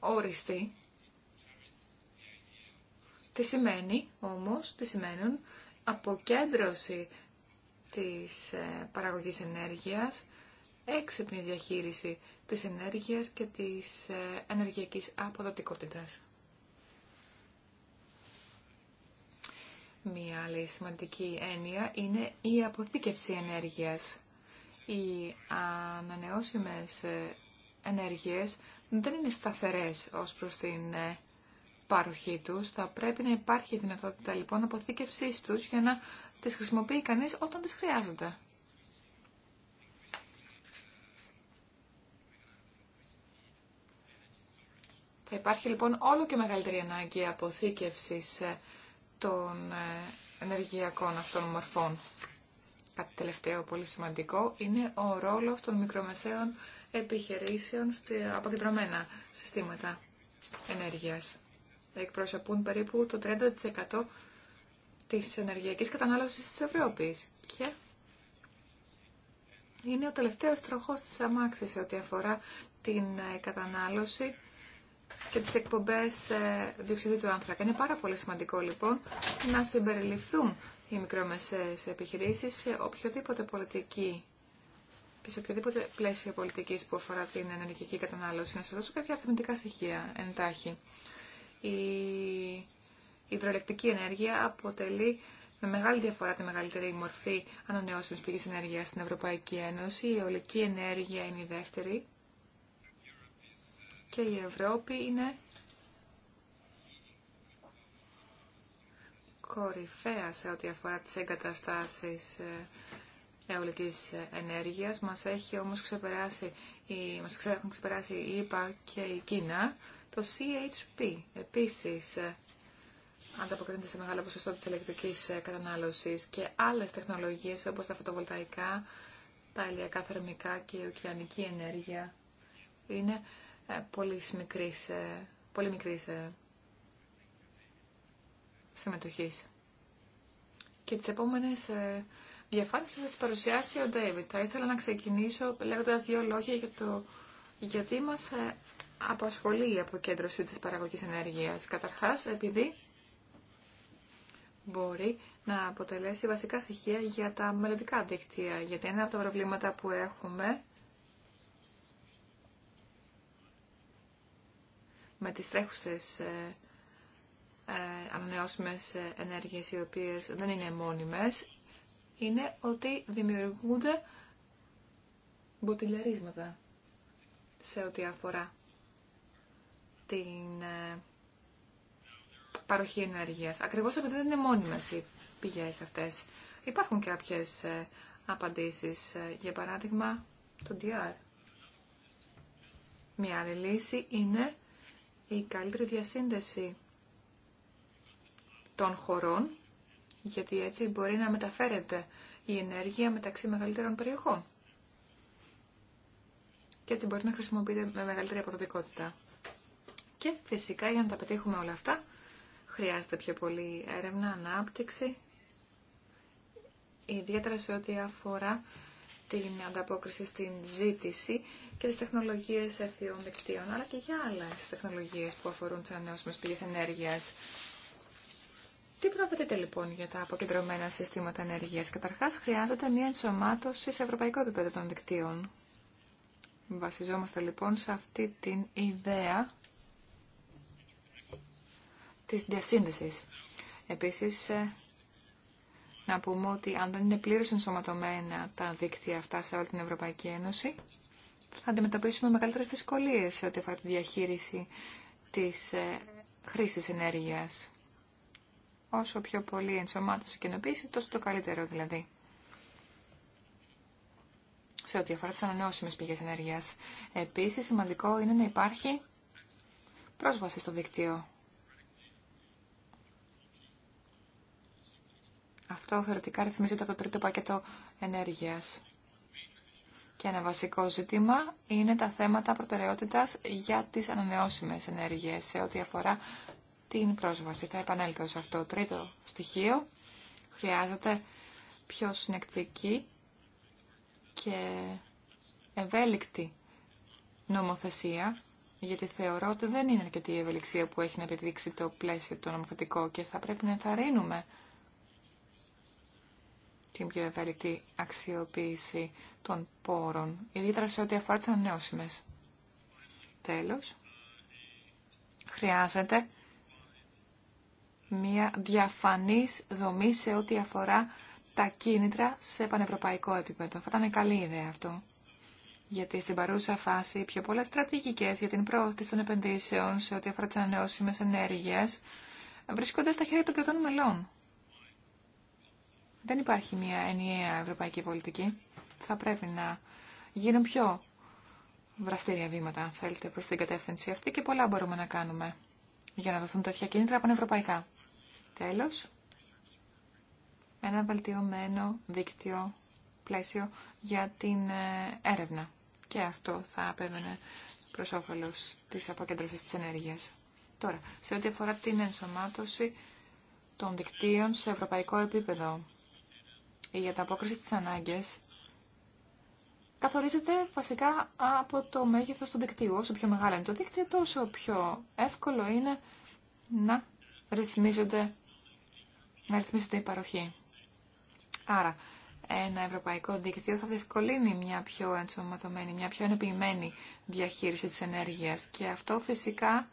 Speaker 2: οριστεί τι σημαίνει όμως, τι σημαίνουν αποκέντρωση της ε, παραγωγής ενέργειας, έξυπνη διαχείριση της ενέργειας και της ε, ενεργειακής αποδοτικότητας. Μία άλλη σημαντική έννοια είναι η αποθήκευση ενέργειας. Οι ανανεώσιμες ε, ενέργειες δεν είναι σταθερές ως προς την παροχή Θα πρέπει να υπάρχει δυνατότητα λοιπόν αποθήκευσής τους για να τις χρησιμοποιεί κανείς όταν τις χρειάζεται. Θα υπάρχει λοιπόν όλο και μεγαλύτερη ανάγκη αποθήκευσης ε, των ε, ενεργειακών αυτών μορφών. Κάτι τελευταίο πολύ σημαντικό είναι ο ρόλος των μικρομεσαίων επιχειρήσεων στα αποκεντρωμένα συστήματα ενέργειας εκπροσωπούν περίπου το 30% της ενεργειακής κατανάλωσης της Ευρώπης. Και είναι ο τελευταίος τροχός της αμάξης σε ό,τι αφορά την ε, κατανάλωση και τις εκπομπές ε, διοξιδίου του άνθρακα. Είναι πάρα πολύ σημαντικό λοιπόν να συμπεριληφθούν οι μικρομεσαίες επιχειρήσεις σε οποιοδήποτε πολιτική σε οποιοδήποτε πλαίσιο πολιτικής που αφορά την ενεργειακή κατανάλωση. Να σας δώσω κάποια αριθμητικά στοιχεία εντάχει η υδροελεκτρική ενέργεια αποτελεί με μεγάλη διαφορά τη μεγαλύτερη μορφή ανανεώσιμης πηγής ενέργειας στην Ευρωπαϊκή Ένωση. Η αιωλική ενέργεια είναι η δεύτερη και η Ευρώπη είναι κορυφαία σε ό,τι αφορά τις εγκαταστάσεις ε, αιωλικής ενέργειας. Μας, έχει όμως ξεπεράσει, μας έχουν ξεπεράσει η ΕΠΑ και η Κίνα το CHP επίσης ε, ανταποκρίνεται σε μεγάλο ποσοστό της ηλεκτρικής ε, κατανάλωσης και άλλες τεχνολογίες όπως τα φωτοβολταϊκά, τα ηλιακά θερμικά και η ωκεανική ενέργεια είναι ε, πολύ μικρής, πολύ μικρής συμμετοχής. Και τις επόμενες διαφάνειες θα σας παρουσιάσει ο Ντέιβιτ. Θα ήθελα να ξεκινήσω λέγοντας δύο λόγια για το γιατί μας απασχολεί η αποκέντρωση της παραγωγής ενέργειας. Καταρχάς, επειδή μπορεί να αποτελέσει βασικά στοιχεία για τα μελλοντικά δίκτυα, γιατί ένα από τα προβλήματα που έχουμε με τις τρέχουσες ε, ε, ανανεώσιμες ενέργειες οι οποίες δεν είναι μόνιμες είναι ότι δημιουργούνται μποτιλιαρίσματα σε ό,τι αφορά την ε, παροχή ενέργειας. Ακριβώς επειδή δεν είναι μόνιμες οι πηγές αυτές. Υπάρχουν κάποιες ε, απαντήσεις, ε, για παράδειγμα το DR. Μια άλλη λύση είναι η καλύτερη διασύνδεση των χωρών, γιατί έτσι μπορεί να μεταφέρεται η ενέργεια μεταξύ μεγαλύτερων περιοχών. Και έτσι μπορεί να χρησιμοποιείται με μεγαλύτερη αποδοτικότητα. Και φυσικά για να τα πετύχουμε όλα αυτά χρειάζεται πιο πολύ έρευνα, ανάπτυξη, ιδιαίτερα σε ό,τι αφορά την ανταπόκριση στην ζήτηση και τις τεχνολογίες εφιών δικτύων, αλλά και για άλλες τεχνολογίες που αφορούν τις ανανεώσιμες πηγές ενέργειας. Τι προαπαιτείται λοιπόν για τα αποκεντρωμένα συστήματα ενέργειας. Καταρχάς χρειάζεται μια ενσωμάτωση σε ευρωπαϊκό επίπεδο των δικτύων. Βασιζόμαστε λοιπόν σε αυτή την ιδέα της διασύνδεσης. Επίσης, ε, να πούμε ότι αν δεν είναι πλήρως ενσωματωμένα τα δίκτυα αυτά σε όλη την Ευρωπαϊκή Ένωση, θα αντιμετωπίσουμε μεγαλύτερες δυσκολίες σε ό,τι αφορά τη διαχείριση της ε, χρήσης ενέργειας. Όσο πιο πολύ ενσωμάτωση και ενοποίηση, τόσο το καλύτερο δηλαδή. Σε ό,τι αφορά τις ανανεώσιμες πηγές ενέργειας. Επίσης, σημαντικό είναι να υπάρχει πρόσβαση στο δίκτυο Αυτό θεωρητικά ρυθμίζεται από το τρίτο πακέτο ενέργειας. Και ένα βασικό ζήτημα είναι τα θέματα προτεραιότητας για τις ανανεώσιμες ενέργειες σε ό,τι αφορά την πρόσβαση. Θα επανέλθω σε αυτό. Τρίτο στοιχείο χρειάζεται πιο συνεκτική και ευέλικτη νομοθεσία, γιατί θεωρώ ότι δεν είναι αρκετή η ευελιξία που έχει να επιδείξει το πλαίσιο το νομοθετικό και θα πρέπει να ενθαρρύνουμε την πιο ευέλικτη αξιοποίηση των πόρων, ιδιαίτερα σε ό,τι αφορά τι ανανεώσιμε. Τέλος, χρειάζεται μια διαφανής δομή σε ό,τι αφορά τα κίνητρα σε πανευρωπαϊκό επίπεδο. Θα ήταν καλή ιδέα αυτό. Γιατί στην παρούσα φάση οι πιο πολλέ στρατηγικές για την πρόωθηση των επενδύσεων σε ό,τι αφορά τι ανανεώσιμε ενέργειε, βρίσκονται στα χέρια των κρατών μελών. Δεν υπάρχει μια ενιαία ευρωπαϊκή πολιτική. Θα πρέπει να γίνουν πιο βραστήρια βήματα, αν θέλετε, προς την κατεύθυνση αυτή και πολλά μπορούμε να κάνουμε για να δοθούν τέτοια κίνητρα πανευρωπαϊκά. Τέλος, ένα βελτιωμένο δίκτυο πλαίσιο για την ε, έρευνα. Και αυτό θα απέβαινε προς όφελος της αποκέντρωσης της ενέργειας. Τώρα, σε ό,τι αφορά την ενσωμάτωση των δικτύων σε ευρωπαϊκό επίπεδο η για τα ανταπόκριση στις ανάγκες καθορίζεται βασικά από το μέγεθος του δικτύου. Όσο πιο μεγάλο είναι το δίκτυο, τόσο πιο εύκολο είναι να ρυθμίζονται να ρυθμίζεται η παροχή. Άρα, ένα ευρωπαϊκό δίκτυο θα διευκολύνει μια πιο ενσωματωμένη, μια πιο ενεπιμενή διαχείριση της ενέργειας και αυτό φυσικά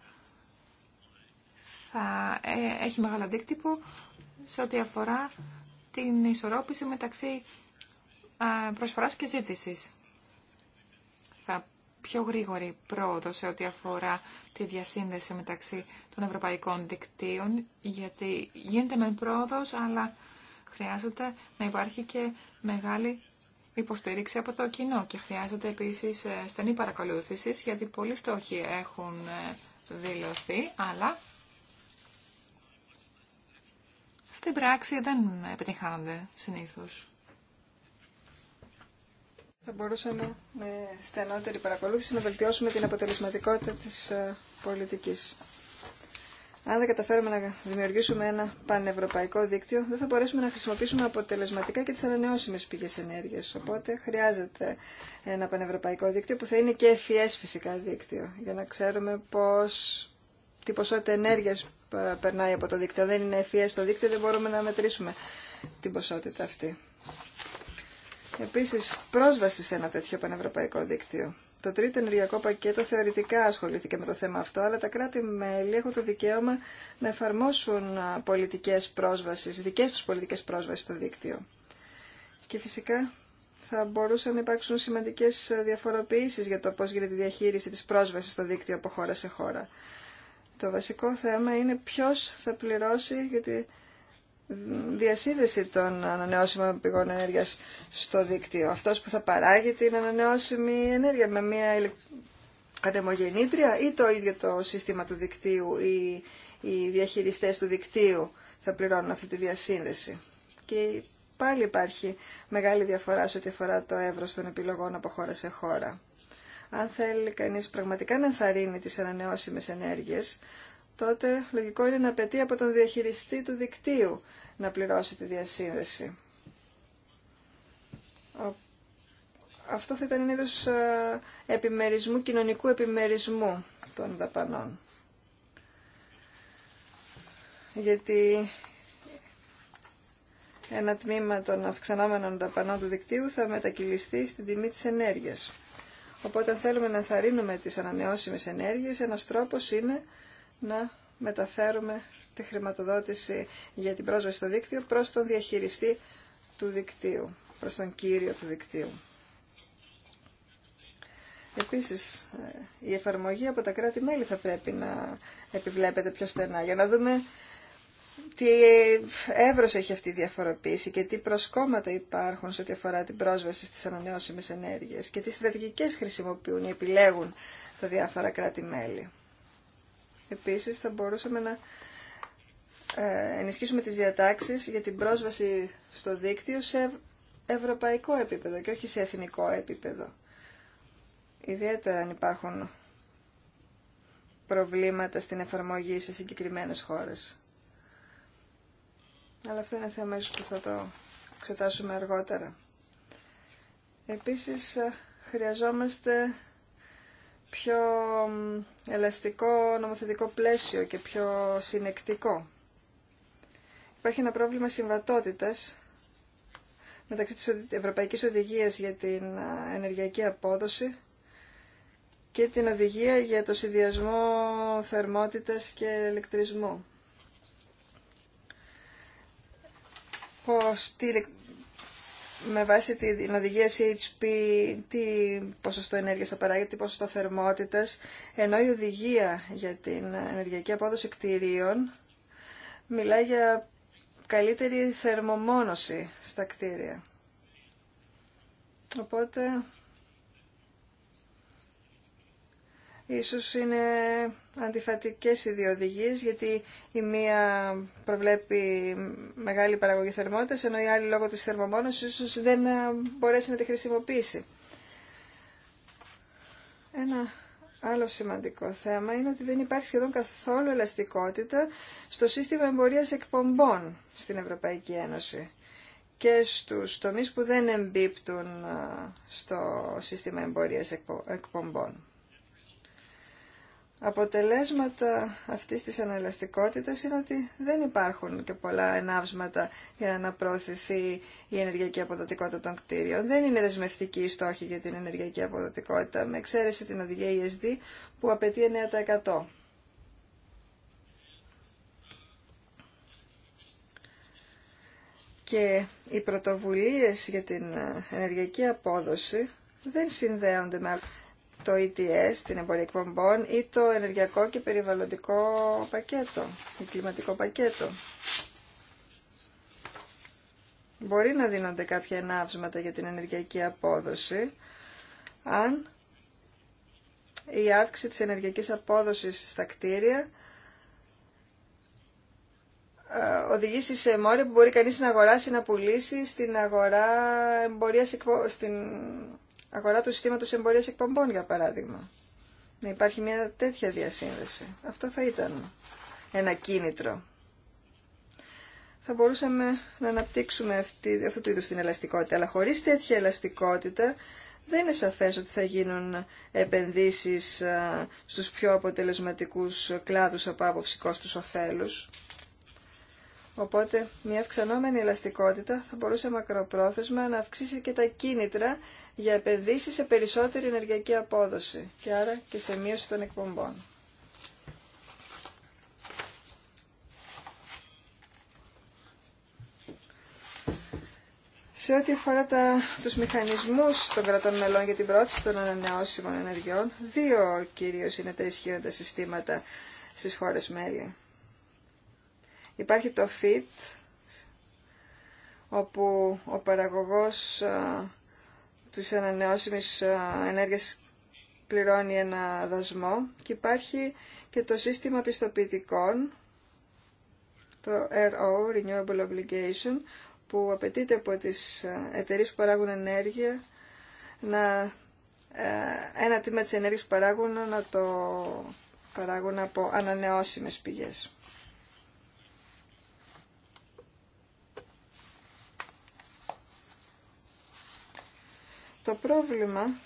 Speaker 2: θα ε, έχει μεγάλο αντίκτυπο σε ό,τι αφορά την ισορρόπηση μεταξύ προσφοράς και ζήτησης. Θα πιο γρήγορη πρόοδο σε ό,τι αφορά τη διασύνδεση μεταξύ των ευρωπαϊκών δικτύων, γιατί γίνεται με πρόοδος, αλλά χρειάζεται να υπάρχει και μεγάλη υποστήριξη από το κοινό και χρειάζεται επίσης ε, στενή παρακολούθηση, γιατί πολλοί στόχοι έχουν ε, δηλωθεί, αλλά στην πράξη δεν επιτυχάνονται συνήθως.
Speaker 1: Θα μπορούσαμε με στενότερη παρακολούθηση να βελτιώσουμε την αποτελεσματικότητα της ε, πολιτικής. Αν δεν καταφέρουμε να δημιουργήσουμε ένα πανευρωπαϊκό δίκτυο, δεν θα μπορέσουμε να χρησιμοποιήσουμε αποτελεσματικά και τις ανανεώσιμες πηγές ενέργειας. Οπότε χρειάζεται ένα πανευρωπαϊκό δίκτυο που θα είναι και ευφυέ φυσικά δίκτυο, για να ξέρουμε πώς, τι ποσότητα ενέργειας ε, περνάει από το δίκτυο. Δεν είναι ευφυέ στο δίκτυο, δεν μπορούμε να μετρήσουμε την ποσότητα αυτή. Επίσης, πρόσβαση σε ένα τέτοιο πανευρωπαϊκό δίκτυο. Το τρίτο ενεργειακό πακέτο θεωρητικά ασχολήθηκε με το θέμα αυτό, αλλά τα κράτη-μέλη έχουν το δικαίωμα να εφαρμόσουν πολιτικές πρόσβασεις, δικές τους πολιτικές πρόσβασεις στο δίκτυο. Και φυσικά θα μπορούσαν να υπάρξουν σημαντικές διαφοροποιήσεις για το πώς γίνεται η διαχείριση της πρόσβασης στο δίκτυο από χώρα σε χώρα. Το βασικό θέμα είναι ποιος θα πληρώσει για τη διασύνδεση των ανανεώσιμων πηγών ενέργειας στο δίκτυο. Αυτός που θα παράγει την ανανεώσιμη ενέργεια με μια ανεμογεννήτρια ή το ίδιο το σύστημα του δικτύου ή οι διαχειριστές του δικτύου θα πληρώνουν αυτή τη διασύνδεση. Και πάλι υπάρχει μεγάλη διαφορά σε ό,τι αφορά το εύρος των επιλογών από χώρα σε χώρα. Αν θέλει κανείς πραγματικά να ενθαρρύνει τις ανανεώσιμες ενέργειες, τότε λογικό είναι να απαιτεί από τον διαχειριστή του δικτύου να πληρώσει τη διασύνδεση. Αυτό θα ήταν είδο ε, επιμερισμού, κοινωνικού επιμερισμού των δαπανών. Γιατί ένα τμήμα των αυξανόμενων δαπανών του δικτύου θα μετακυλιστεί στην τιμή της ενέργειας. Οπότε αν θέλουμε να ενθαρρύνουμε τις ανανεώσιμες ενέργειες, ένας τρόπος είναι να μεταφέρουμε τη χρηματοδότηση για την πρόσβαση στο δίκτυο προς τον διαχειριστή του δικτύου, προς τον κύριο του δικτύου. Επίσης, ε, η εφαρμογή από τα κράτη-μέλη θα πρέπει να επιβλέπεται πιο στενά για να δούμε τι εύρος έχει αυτή η διαφοροποίηση και τι προσκόμματα υπάρχουν σε ό,τι αφορά την πρόσβαση στις ανανεώσιμες ενέργειες και τι στρατηγικές χρησιμοποιούν ή επιλέγουν τα διάφορα κράτη-μέλη. Επίσης θα μπορούσαμε να ε, ενισχύσουμε τις διατάξεις για την πρόσβαση στο δίκτυο σε ευρωπαϊκό επίπεδο και όχι σε εθνικό επίπεδο. Ιδιαίτερα αν υπάρχουν προβλήματα στην εφαρμογή σε συγκεκριμένες χώρες αλλά αυτό είναι θέμα που θα το εξετάσουμε αργότερα. Επίσης, ε, χρειαζόμαστε πιο ελαστικό νομοθετικό πλαίσιο και πιο συνεκτικό. Υπάρχει ένα πρόβλημα συμβατότητας μεταξύ της Ευρωπαϊκής Οδηγίας για την ε, ενεργειακή απόδοση και την οδηγία για το συνδυασμό θερμότητας και ηλεκτρισμού. πώς, με βάση την οδηγία CHP, τι ποσοστό ενέργειας θα παράγει, τι ποσοστό θερμότητας, ενώ η οδηγία για την ενεργειακή απόδοση κτηρίων μιλάει για καλύτερη θερμομόνωση στα κτίρια. Οπότε Ίσως είναι αντιφατικές οι δύο γιατί η μία προβλέπει μεγάλη παραγωγή θερμότητας, ενώ η άλλη λόγω της θερμομόνωσης ίσως δεν ε, μπορέσει να τη χρησιμοποιήσει. Ένα άλλο σημαντικό θέμα είναι ότι δεν υπάρχει σχεδόν καθόλου ελαστικότητα στο σύστημα εμπορίας εκπομπών στην Ευρωπαϊκή Ένωση και στους τομείς που δεν εμπίπτουν ε, στο σύστημα εμπορίας εκπομπών αποτελέσματα αυτής της αναλαστικότητας είναι ότι δεν υπάρχουν και πολλά ενάυσματα για να προωθηθεί η ενεργειακή αποδοτικότητα των κτίριων. Δεν είναι δεσμευτική η στόχη για την ενεργειακή αποδοτικότητα, με εξαίρεση την οδηγία ESD που απαιτεί 9%. Και οι πρωτοβουλίες για την ενεργειακή απόδοση δεν συνδέονται με το ETS, την εμπορία εκπομπών, ή το ενεργειακό και περιβαλλοντικό πακέτο, το κλιματικό πακέτο. Μπορεί να δίνονται κάποια ενάψματα για την ενεργειακή απόδοση, αν η αύξηση της ενεργειακής απόδοσης στα κτίρια ε, οδηγήσει σε μόρια που μπορεί κανείς να αγοράσει, να πουλήσει στην αγορά εμπορίας, στην αγορά του συστήματο εμπορία εκπομπών, για παράδειγμα. Να υπάρχει μια τέτοια διασύνδεση. Αυτό θα ήταν ένα κίνητρο. Θα μπορούσαμε να αναπτύξουμε αυτή, αυτού του είδους την ελαστικότητα, αλλά χωρίς τέτοια ελαστικότητα δεν είναι σαφές ότι θα γίνουν επενδύσεις ε, στους πιο αποτελεσματικούς κλάδους από άποψη κόστους-οφέλους. Οπότε μια αυξανόμενη ελαστικότητα θα μπορούσε μακροπρόθεσμα να αυξήσει και τα κίνητρα για επενδύσεις σε περισσότερη ενεργειακή απόδοση και άρα και σε μείωση των εκπομπών. Σε ό,τι αφορά τα, τους μηχανισμούς των κρατών μελών για την πρόθεση των ανανεώσιμων ενεργειών, δύο κυρίως είναι τα ισχύοντα συστήματα στις χώρες μέλη. Υπάρχει το FIT, όπου ο παραγωγός της ανανεώσιμης ενέργειας πληρώνει ένα δασμό και υπάρχει και το σύστημα πιστοποιητικών, το RO, Renewable Obligation, που απαιτείται από τις εταιρείες που παράγουν ενέργεια να ένα τμήμα της ενέργειας που παράγουν να το παράγουν από ανανεώσιμες πηγές. Το πρόβλημα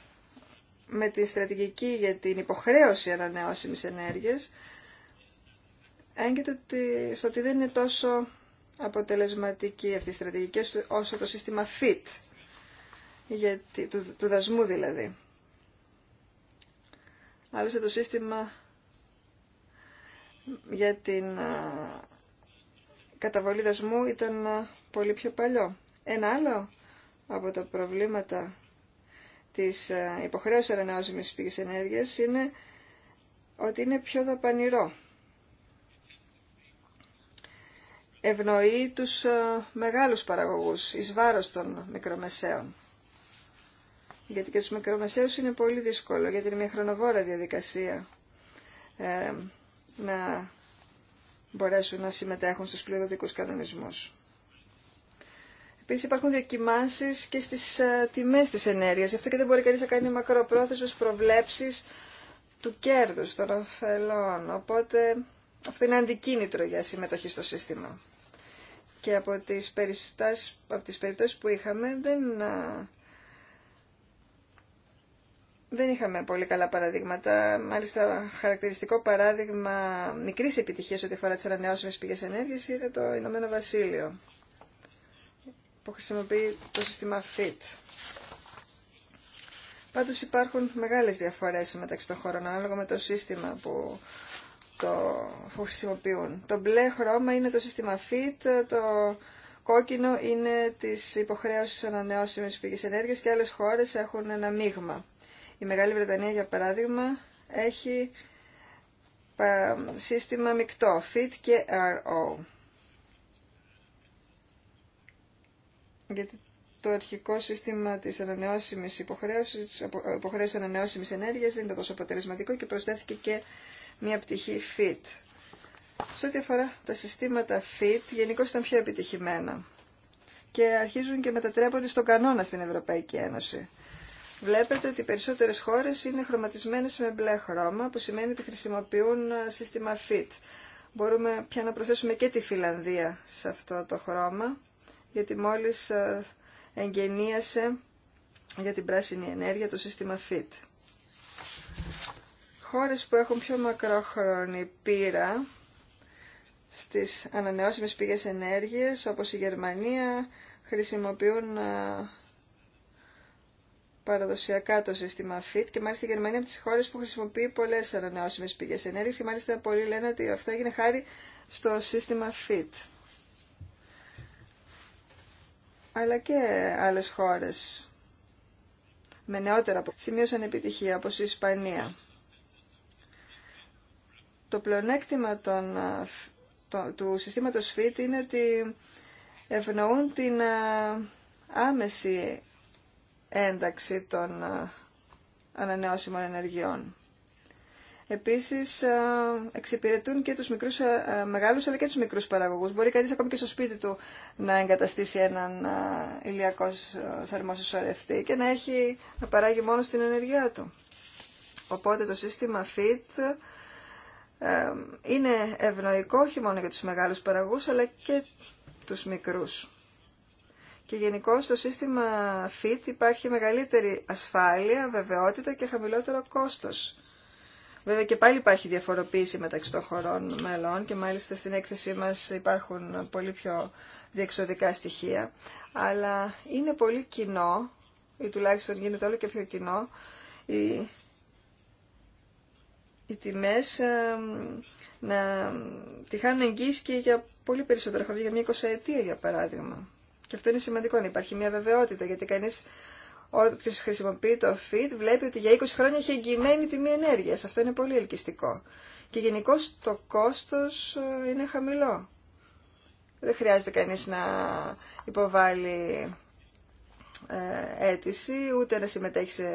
Speaker 1: με τη στρατηγική για την υποχρέωση ανανεώσιμης ενέργειας έγκυται στο ότι δεν είναι τόσο αποτελεσματική αυτή η στρατηγική όσο το σύστημα FIT, γιατί, του, του δασμού δηλαδή. Άλλωστε το σύστημα για την καταβολή δασμού ήταν πολύ πιο παλιό. Ένα άλλο από τα προβλήματα της ε, υποχρέωση ανανεώσιμη πηγή ενέργειας είναι ότι είναι πιο δαπανηρό. Ευνοεί τους ε, μεγάλους παραγωγούς, εις βάρος των μικρομεσαίων. Γιατί και στους μικρομεσαίους είναι πολύ δύσκολο, γιατί είναι μια χρονοβόρα διαδικασία ε, να μπορέσουν να συμμετέχουν στους πληροδοτικούς κανονισμούς. Επίση υπάρχουν διακοιμάνσει και στι ε, τιμέ τη ενέργεια. Γι' αυτό και δεν μπορεί κανεί να κάνει μακροπρόθεσμε προβλέψει του κέρδου των ωφελών. Οπότε αυτό είναι αντικίνητρο για συμμετοχή στο σύστημα. Και από τις, περιστάσεις, περιπτώσεις που είχαμε δεν, ε, δεν είχαμε πολύ καλά παραδείγματα. Μάλιστα χαρακτηριστικό παράδειγμα μικρής επιτυχίας ό,τι αφορά τις ανανεώσιμες πηγές ενέργειας είναι το Ηνωμένο Βασίλειο που χρησιμοποιεί το σύστημα FIT. Πάντως υπάρχουν μεγάλες διαφορές μεταξύ των χωρών ανάλογα με το σύστημα που, το, χρησιμοποιούν. Το μπλε χρώμα είναι το σύστημα FIT, το κόκκινο είναι της υποχρέωσης ανανεώσιμης πηγής ενέργειας και άλλες χώρες έχουν ένα μείγμα. Η Μεγάλη Βρετανία, για παράδειγμα, έχει σύστημα μεικτό, FIT και RO. γιατί το αρχικό σύστημα της ανανεώσιμης υποχρέωσης, υποχρέωσης ανανεώσιμης ενέργειας δεν ήταν τόσο αποτελεσματικό και προσθέθηκε και μια πτυχή FIT. Σε ό,τι αφορά τα συστήματα FIT, γενικώ ήταν πιο επιτυχημένα και αρχίζουν και μετατρέπονται στον κανόνα στην Ευρωπαϊκή Ένωση. Βλέπετε ότι οι περισσότερες χώρες είναι χρωματισμένες με μπλε χρώμα, που σημαίνει ότι χρησιμοποιούν ε, σύστημα FIT. Μπορούμε πια να προσθέσουμε και τη Φιλανδία σε αυτό το χρώμα γιατί μόλις ε, εγγενίασε για την πράσινη ενέργεια το σύστημα FIT. Χώρες που έχουν πιο μακρόχρονη πείρα στις ανανεώσιμες πηγές ενέργειας, όπως η Γερμανία, χρησιμοποιούν ε, παραδοσιακά το σύστημα FIT και μάλιστα η Γερμανία από τις χώρες που χρησιμοποιεί πολλές ανανεώσιμες πηγές ενέργειας και μάλιστα πολλοί λένε ότι αυτό έγινε χάρη στο σύστημα FIT αλλά και άλλες χώρες με νεότερα σημείωσαν επιτυχία, όπως η Ισπανία. Το πλεονέκτημα του συστήματος FIT είναι ότι ευνοούν την άμεση ένταξη των ανανεώσιμων ενεργειών. Επίσης ε, εξυπηρετούν και τους μικρούς, ε, ε, μεγάλους αλλά και τους μικρούς παραγωγούς. Μπορεί κανείς ακόμη και στο σπίτι του να εγκαταστήσει έναν ηλιακό θερμό και να, έχει, να παράγει μόνο στην ενέργειά του. Οπότε το σύστημα FIT είναι ευνοϊκό όχι μόνο για τους μεγάλους παραγωγούς αλλά και τους μικρούς. Και γενικώ στο σύστημα FIT υπάρχει μεγαλύτερη ασφάλεια, βεβαιότητα και χαμηλότερο κόστος Βέβαια και πάλι υπάρχει διαφοροποίηση μεταξύ των χωρών μελών και μάλιστα στην έκθεσή μας υπάρχουν πολύ πιο διεξοδικά στοιχεία. Αλλά είναι πολύ κοινό, ή τουλάχιστον γίνεται όλο και πιο κοινό, οι, οι τιμές να τη χάνουν εγγύηση για πολύ περισσότερα χρόνια, για μια εικοσαετία για παράδειγμα. Και αυτό είναι σημαντικό, να υπάρχει μια βεβαιότητα, γιατί κανείς όποιο χρησιμοποιεί το FIT βλέπει ότι για 20 χρόνια έχει εγγυημένη τιμή ενέργεια. Αυτό είναι πολύ ελκυστικό. Και γενικώ το κόστος ε, είναι χαμηλό. Δεν χρειάζεται κανείς να υποβάλει ε, αίτηση, ούτε να συμμετέχει σε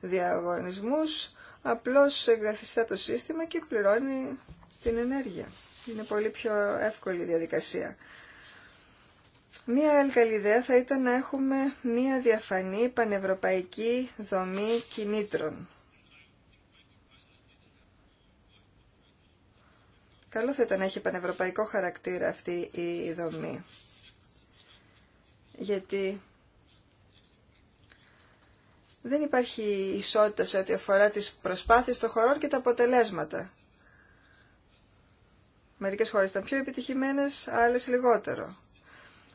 Speaker 1: διαγωνισμούς. Απλώς εγκαθιστά το σύστημα και πληρώνει την ενέργεια. Είναι πολύ πιο εύκολη η διαδικασία. Μία άλλη καλή ιδέα θα ήταν να έχουμε μία διαφανή πανευρωπαϊκή δομή κινήτρων. Καλό θα ήταν να έχει πανευρωπαϊκό χαρακτήρα αυτή η δομή. Γιατί δεν υπάρχει ισότητα σε ό,τι αφορά τις προσπάθειες των χωρών και τα αποτελέσματα. Μερικές χώρες ήταν πιο επιτυχημένες, άλλες λιγότερο.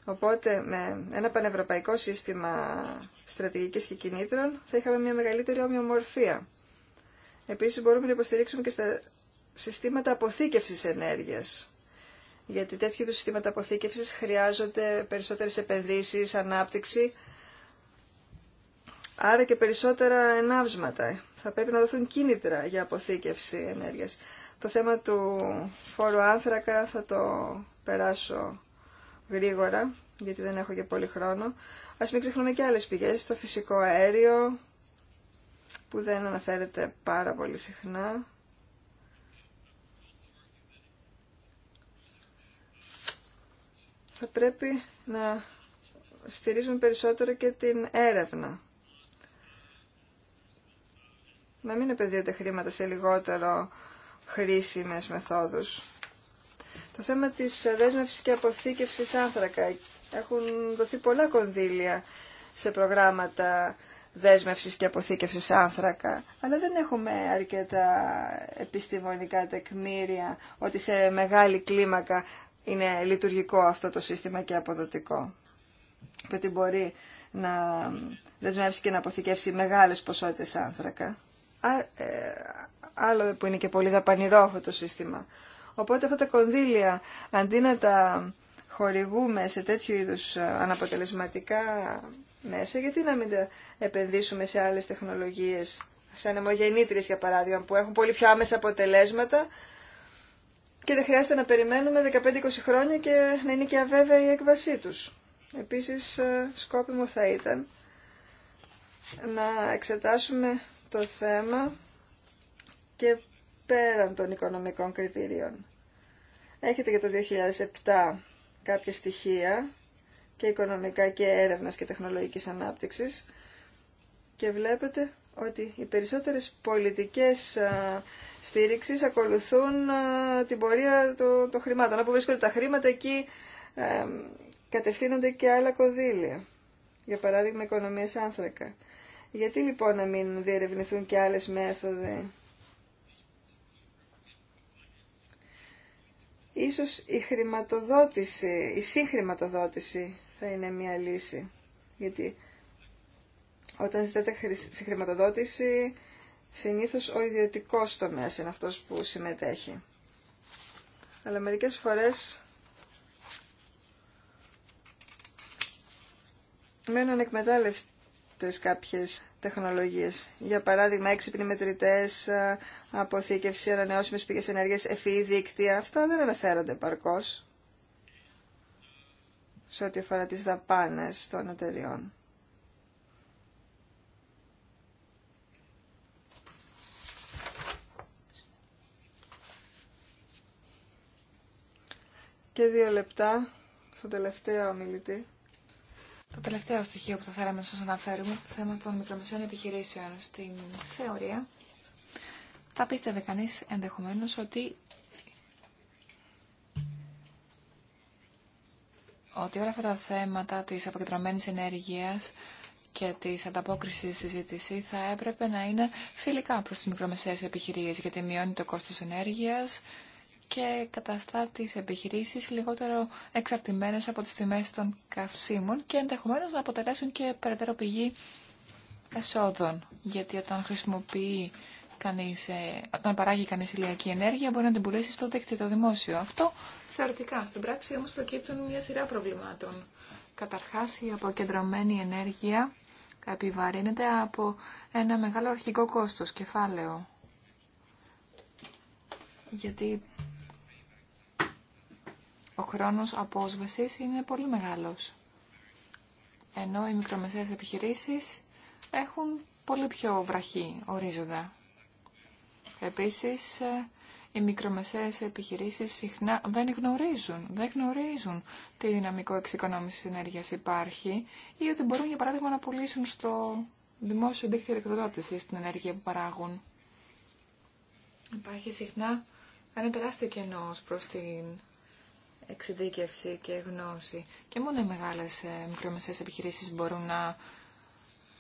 Speaker 1: Οπότε με ένα πανευρωπαϊκό σύστημα στρατηγικής και κινήτρων θα είχαμε μια μεγαλύτερη ομοιομορφία. Επίσης μπορούμε να υποστηρίξουμε και στα συστήματα αποθήκευσης ενέργειας. Γιατί τέτοιου είδους συστήματα αποθήκευσης χρειάζονται περισσότερες επενδύσεις, ανάπτυξη, άρα και περισσότερα ενάψματα. Θα πρέπει να δοθούν κίνητρα για αποθήκευση ενέργειας. Το θέμα του φόρου άνθρακα θα το περάσω γρήγορα, γιατί δεν έχω και πολύ χρόνο. Ας μην ξεχνούμε και άλλες πηγές, το φυσικό αέριο, που δεν αναφέρεται πάρα πολύ συχνά. Θα πρέπει να στηρίζουμε περισσότερο και την έρευνα. Να μην επενδύονται χρήματα σε λιγότερο χρήσιμες μεθόδους. Το θέμα της δέσμευσης και αποθήκευσης άνθρακα. Έχουν δοθεί πολλά κονδύλια σε προγράμματα δέσμευσης και αποθήκευσης άνθρακα, αλλά δεν έχουμε αρκετά επιστημονικά τεκμήρια ότι σε μεγάλη κλίμακα είναι λειτουργικό αυτό το σύστημα και αποδοτικό. Και ότι μπορεί να δεσμεύσει και να αποθηκεύσει μεγάλες ποσότητες άνθρακα. Ε, άλλο που είναι και πολύ δαπανηρό αυτό το σύστημα. Οπότε αυτά τα κονδύλια, αντί να τα χορηγούμε σε τέτοιου είδους ε, αναποτελεσματικά μέσα, γιατί να μην τα επενδύσουμε σε άλλες τεχνολογίες, σαν αιμογεννήτριες για παράδειγμα, που έχουν πολύ πιο άμεσα αποτελέσματα και δεν χρειάζεται να περιμένουμε 15-20 χρόνια και να είναι και αβέβαια η έκβασή τους. Επίσης, ε, σκόπιμο θα ήταν να εξετάσουμε το θέμα και πέραν των οικονομικών κριτηρίων. Έχετε για το 2007 κάποια στοιχεία και οικονομικά και έρευνας και τεχνολογικής ανάπτυξης και βλέπετε ότι οι περισσότερες πολιτικές στήριξης ακολουθούν την πορεία των χρημάτων. Όπου βρίσκονται τα χρήματα εκεί κατευθύνονται και άλλα κονδύλια. Για παράδειγμα οικονομίες άνθρακα. Γιατί λοιπόν να μην διερευνηθούν και άλλες μέθοδοι Ίσως η χρηματοδότηση, η συγχρηματοδότηση θα είναι μια λύση. Γιατί όταν ζητάτε συγχρηματοδότηση, συνήθως ο ιδιωτικός τομέας είναι αυτός που συμμετέχει. Αλλά μερικές φορές μένουν εκμετάλλευτες κάποιες τεχνολογίες. Για παράδειγμα, έξυπνοι μετρητέ, ε, αποθήκευση, ανανεώσιμες πηγές ενέργειας, ευφυή δίκτυα. Αυτά δεν αναφέρονται παρκώς σε ό,τι αφορά τις δαπάνες των εταιριών. Και δύο λεπτά στο τελευταίο ομιλητή.
Speaker 2: Το τελευταίο στοιχείο που θα θέλαμε να σας αναφέρουμε, το θέμα των μικρομεσαίων επιχειρήσεων στην θεωρία, θα πίστευε κανείς ενδεχομένως ότι ότι όλα αυτά τα θέματα της αποκεντρωμένης ενέργειας και της ανταπόκρισης στη συζήτηση θα έπρεπε να είναι φιλικά προς τις μικρομεσαίες επιχειρήσεις γιατί μειώνει το κόστος ενέργειας, και καταστά τις λιγότερο εξαρτημένες από τις τιμές των καυσίμων και ενδεχομένως να αποτελέσουν και περαιτέρω πηγή εσόδων. Γιατί όταν χρησιμοποιεί κανείς, ε, όταν παράγει κανείς ηλιακή ενέργεια μπορεί να την πουλήσει στο δίκτυο το δημόσιο. Αυτό θεωρητικά. Στην πράξη όμως προκύπτουν μια σειρά προβλημάτων. Καταρχάς η αποκεντρωμένη ενέργεια επιβαρύνεται από ένα μεγάλο αρχικό κόστος, κεφάλαιο. Γιατί ο χρόνος απόσβασης είναι πολύ μεγάλος. Ενώ οι μικρομεσαίες επιχειρήσεις έχουν πολύ πιο βραχή ορίζοντα. Επίσης, οι μικρομεσαίες επιχειρήσεις συχνά δεν γνωρίζουν, δεν γνωρίζουν τι δυναμικό εξοικονόμηση ενέργειας υπάρχει ή ότι μπορούν για παράδειγμα να πουλήσουν στο δημόσιο δίκτυο ηλεκτροδότησης την ενέργεια που παράγουν. Υπάρχει συχνά ένα τεράστιο κενό προς την εξειδίκευση και γνώση. Και μόνο οι μεγάλες ε, μικρομεσαίες επιχειρήσεις μπορούν να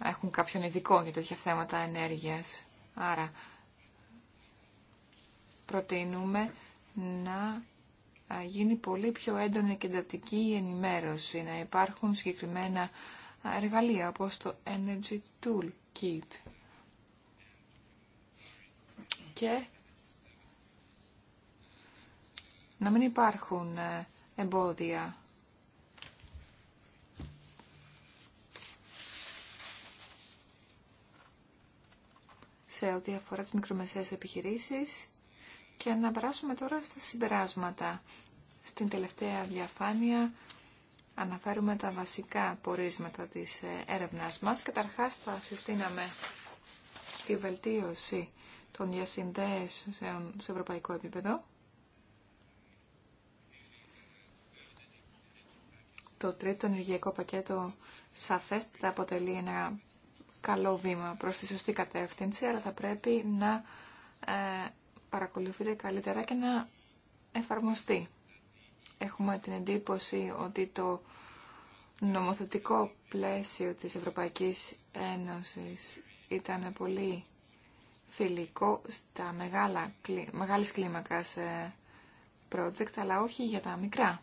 Speaker 2: έχουν κάποιον ειδικό για τέτοια θέματα ενέργειας. Άρα, προτείνουμε να γίνει πολύ πιο έντονη και εντατική ενημέρωση, να υπάρχουν συγκεκριμένα εργαλεία όπως το Energy Tool Και να μην υπάρχουν ε, εμπόδια. σε ό,τι αφορά τις μικρομεσαίες επιχειρήσεις και να περάσουμε τώρα στα συμπεράσματα. Στην τελευταία διαφάνεια αναφέρουμε τα βασικά πορίσματα της ε, έρευνάς μας. Καταρχάς θα συστήναμε τη βελτίωση των διασυνδέσεων σε ευρωπαϊκό επίπεδο. Το τρίτο ενεργειακό πακέτο σαφέστατα αποτελεί ένα καλό βήμα προς τη σωστή κατεύθυνση, αλλά θα πρέπει να ε, παρακολουθείτε καλύτερα και να εφαρμοστεί. Έχουμε την εντύπωση ότι το νομοθετικό πλαίσιο της Ευρωπαϊκής Ένωσης ήταν πολύ φιλικό στα μεγάλα, μεγάλης κλίμακας ε, project, αλλά όχι για τα μικρά.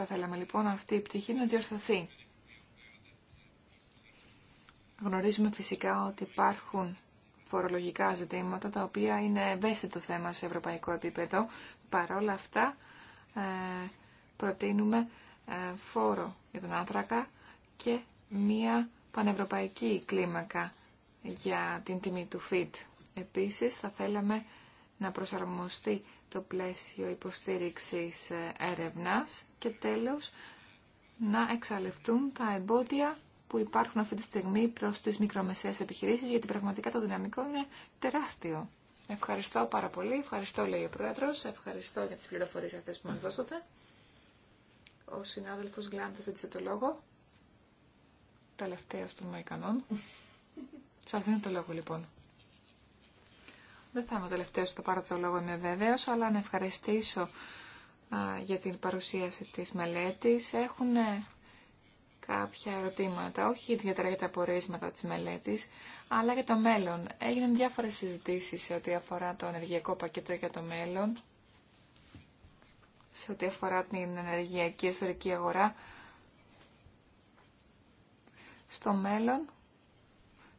Speaker 2: Θα θέλαμε λοιπόν αυτή η πτυχή να διορθωθεί. Γνωρίζουμε φυσικά ότι υπάρχουν φορολογικά ζητήματα τα οποία είναι ευαίσθητο θέμα σε ευρωπαϊκό επίπεδο. Παρόλα αυτά ε, προτείνουμε ε, φόρο για τον άνθρακα και μία πανευρωπαϊκή κλίμακα για την τιμή του ΦΙΤ. Επίσης θα θέλαμε να προσαρμοστεί το πλαίσιο υποστήριξης ε, έρευνας και τέλος να εξαλευτούν τα εμπόδια που υπάρχουν αυτή τη στιγμή προς τις μικρομεσαίες επιχειρήσεις γιατί πραγματικά το δυναμικό είναι τεράστιο. Ευχαριστώ πάρα πολύ. Ευχαριστώ λέει ο Πρόεδρος. Ευχαριστώ για τις πληροφορίες αυτές που μας δώσατε. Ο συνάδελφος Γκλάντας έτσι το λόγο. Τελευταίος των Μαϊκανών. Σας δίνω το λόγο λοιπόν. Δεν θα είμαι ο τελευταίος που θα πάρω το λόγο, είμαι βέβαιος, αλλά να ευχαριστήσω για την παρουσίαση τη μελέτη. Έχουν ε, κάποια ερωτήματα, όχι ιδιαίτερα για τα απορίσματα τη μελέτη, αλλά για το μέλλον. Έγιναν διάφορες συζητήσει σε ό,τι αφορά το ενεργειακό πακέτο για το μέλλον, σε ό,τι αφορά την ενεργειακή ιστορική αγορά. Στο μέλλον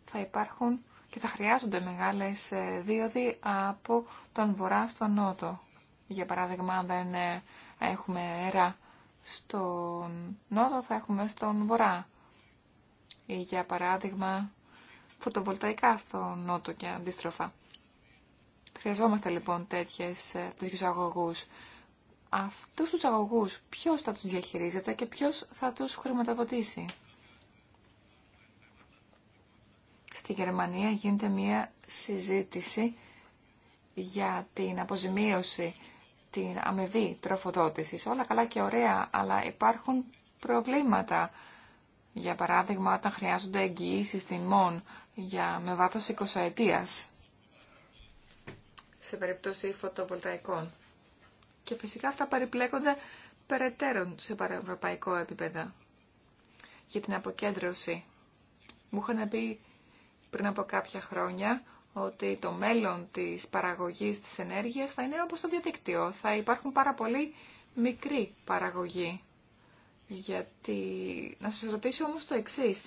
Speaker 2: θα υπάρχουν και θα χρειάζονται μεγάλες ε, δίωδοι από τον βορρά στον νότο. Για παράδειγμα, αν δεν ε, έχουμε αέρα στον νότο, θα έχουμε στον βορρά. Ή για παράδειγμα, φωτοβολταϊκά στον νότο και αντίστροφα. Χρειαζόμαστε λοιπόν τέτοιες, τέτοιους ε, αγωγούς. Αυτούς τους αγωγούς ποιος θα τους διαχειρίζεται και ποιος θα τους χρηματοδοτήσει. Στη Γερμανία γίνεται μία συζήτηση για την αποζημίωση, την αμοιβή τροφοδότησης. Όλα καλά και ωραία, αλλά υπάρχουν προβλήματα. Για παράδειγμα, όταν χρειάζονται εγγυήσεις τιμών για, με βάθος 20 ετίας σε περίπτωση φωτοβολταϊκών. Και φυσικά αυτά περιπλέκονται περαιτέρω σε παρευρωπαϊκό επίπεδο για την αποκέντρωση. Μου είχαν πει πριν από κάποια χρόνια ότι το μέλλον της παραγωγής της ενέργειας θα είναι όπως το διαδίκτυο. Θα υπάρχουν πάρα πολλοί μικροί παραγωγοί. Γιατί να σας ρωτήσω όμως το εξής.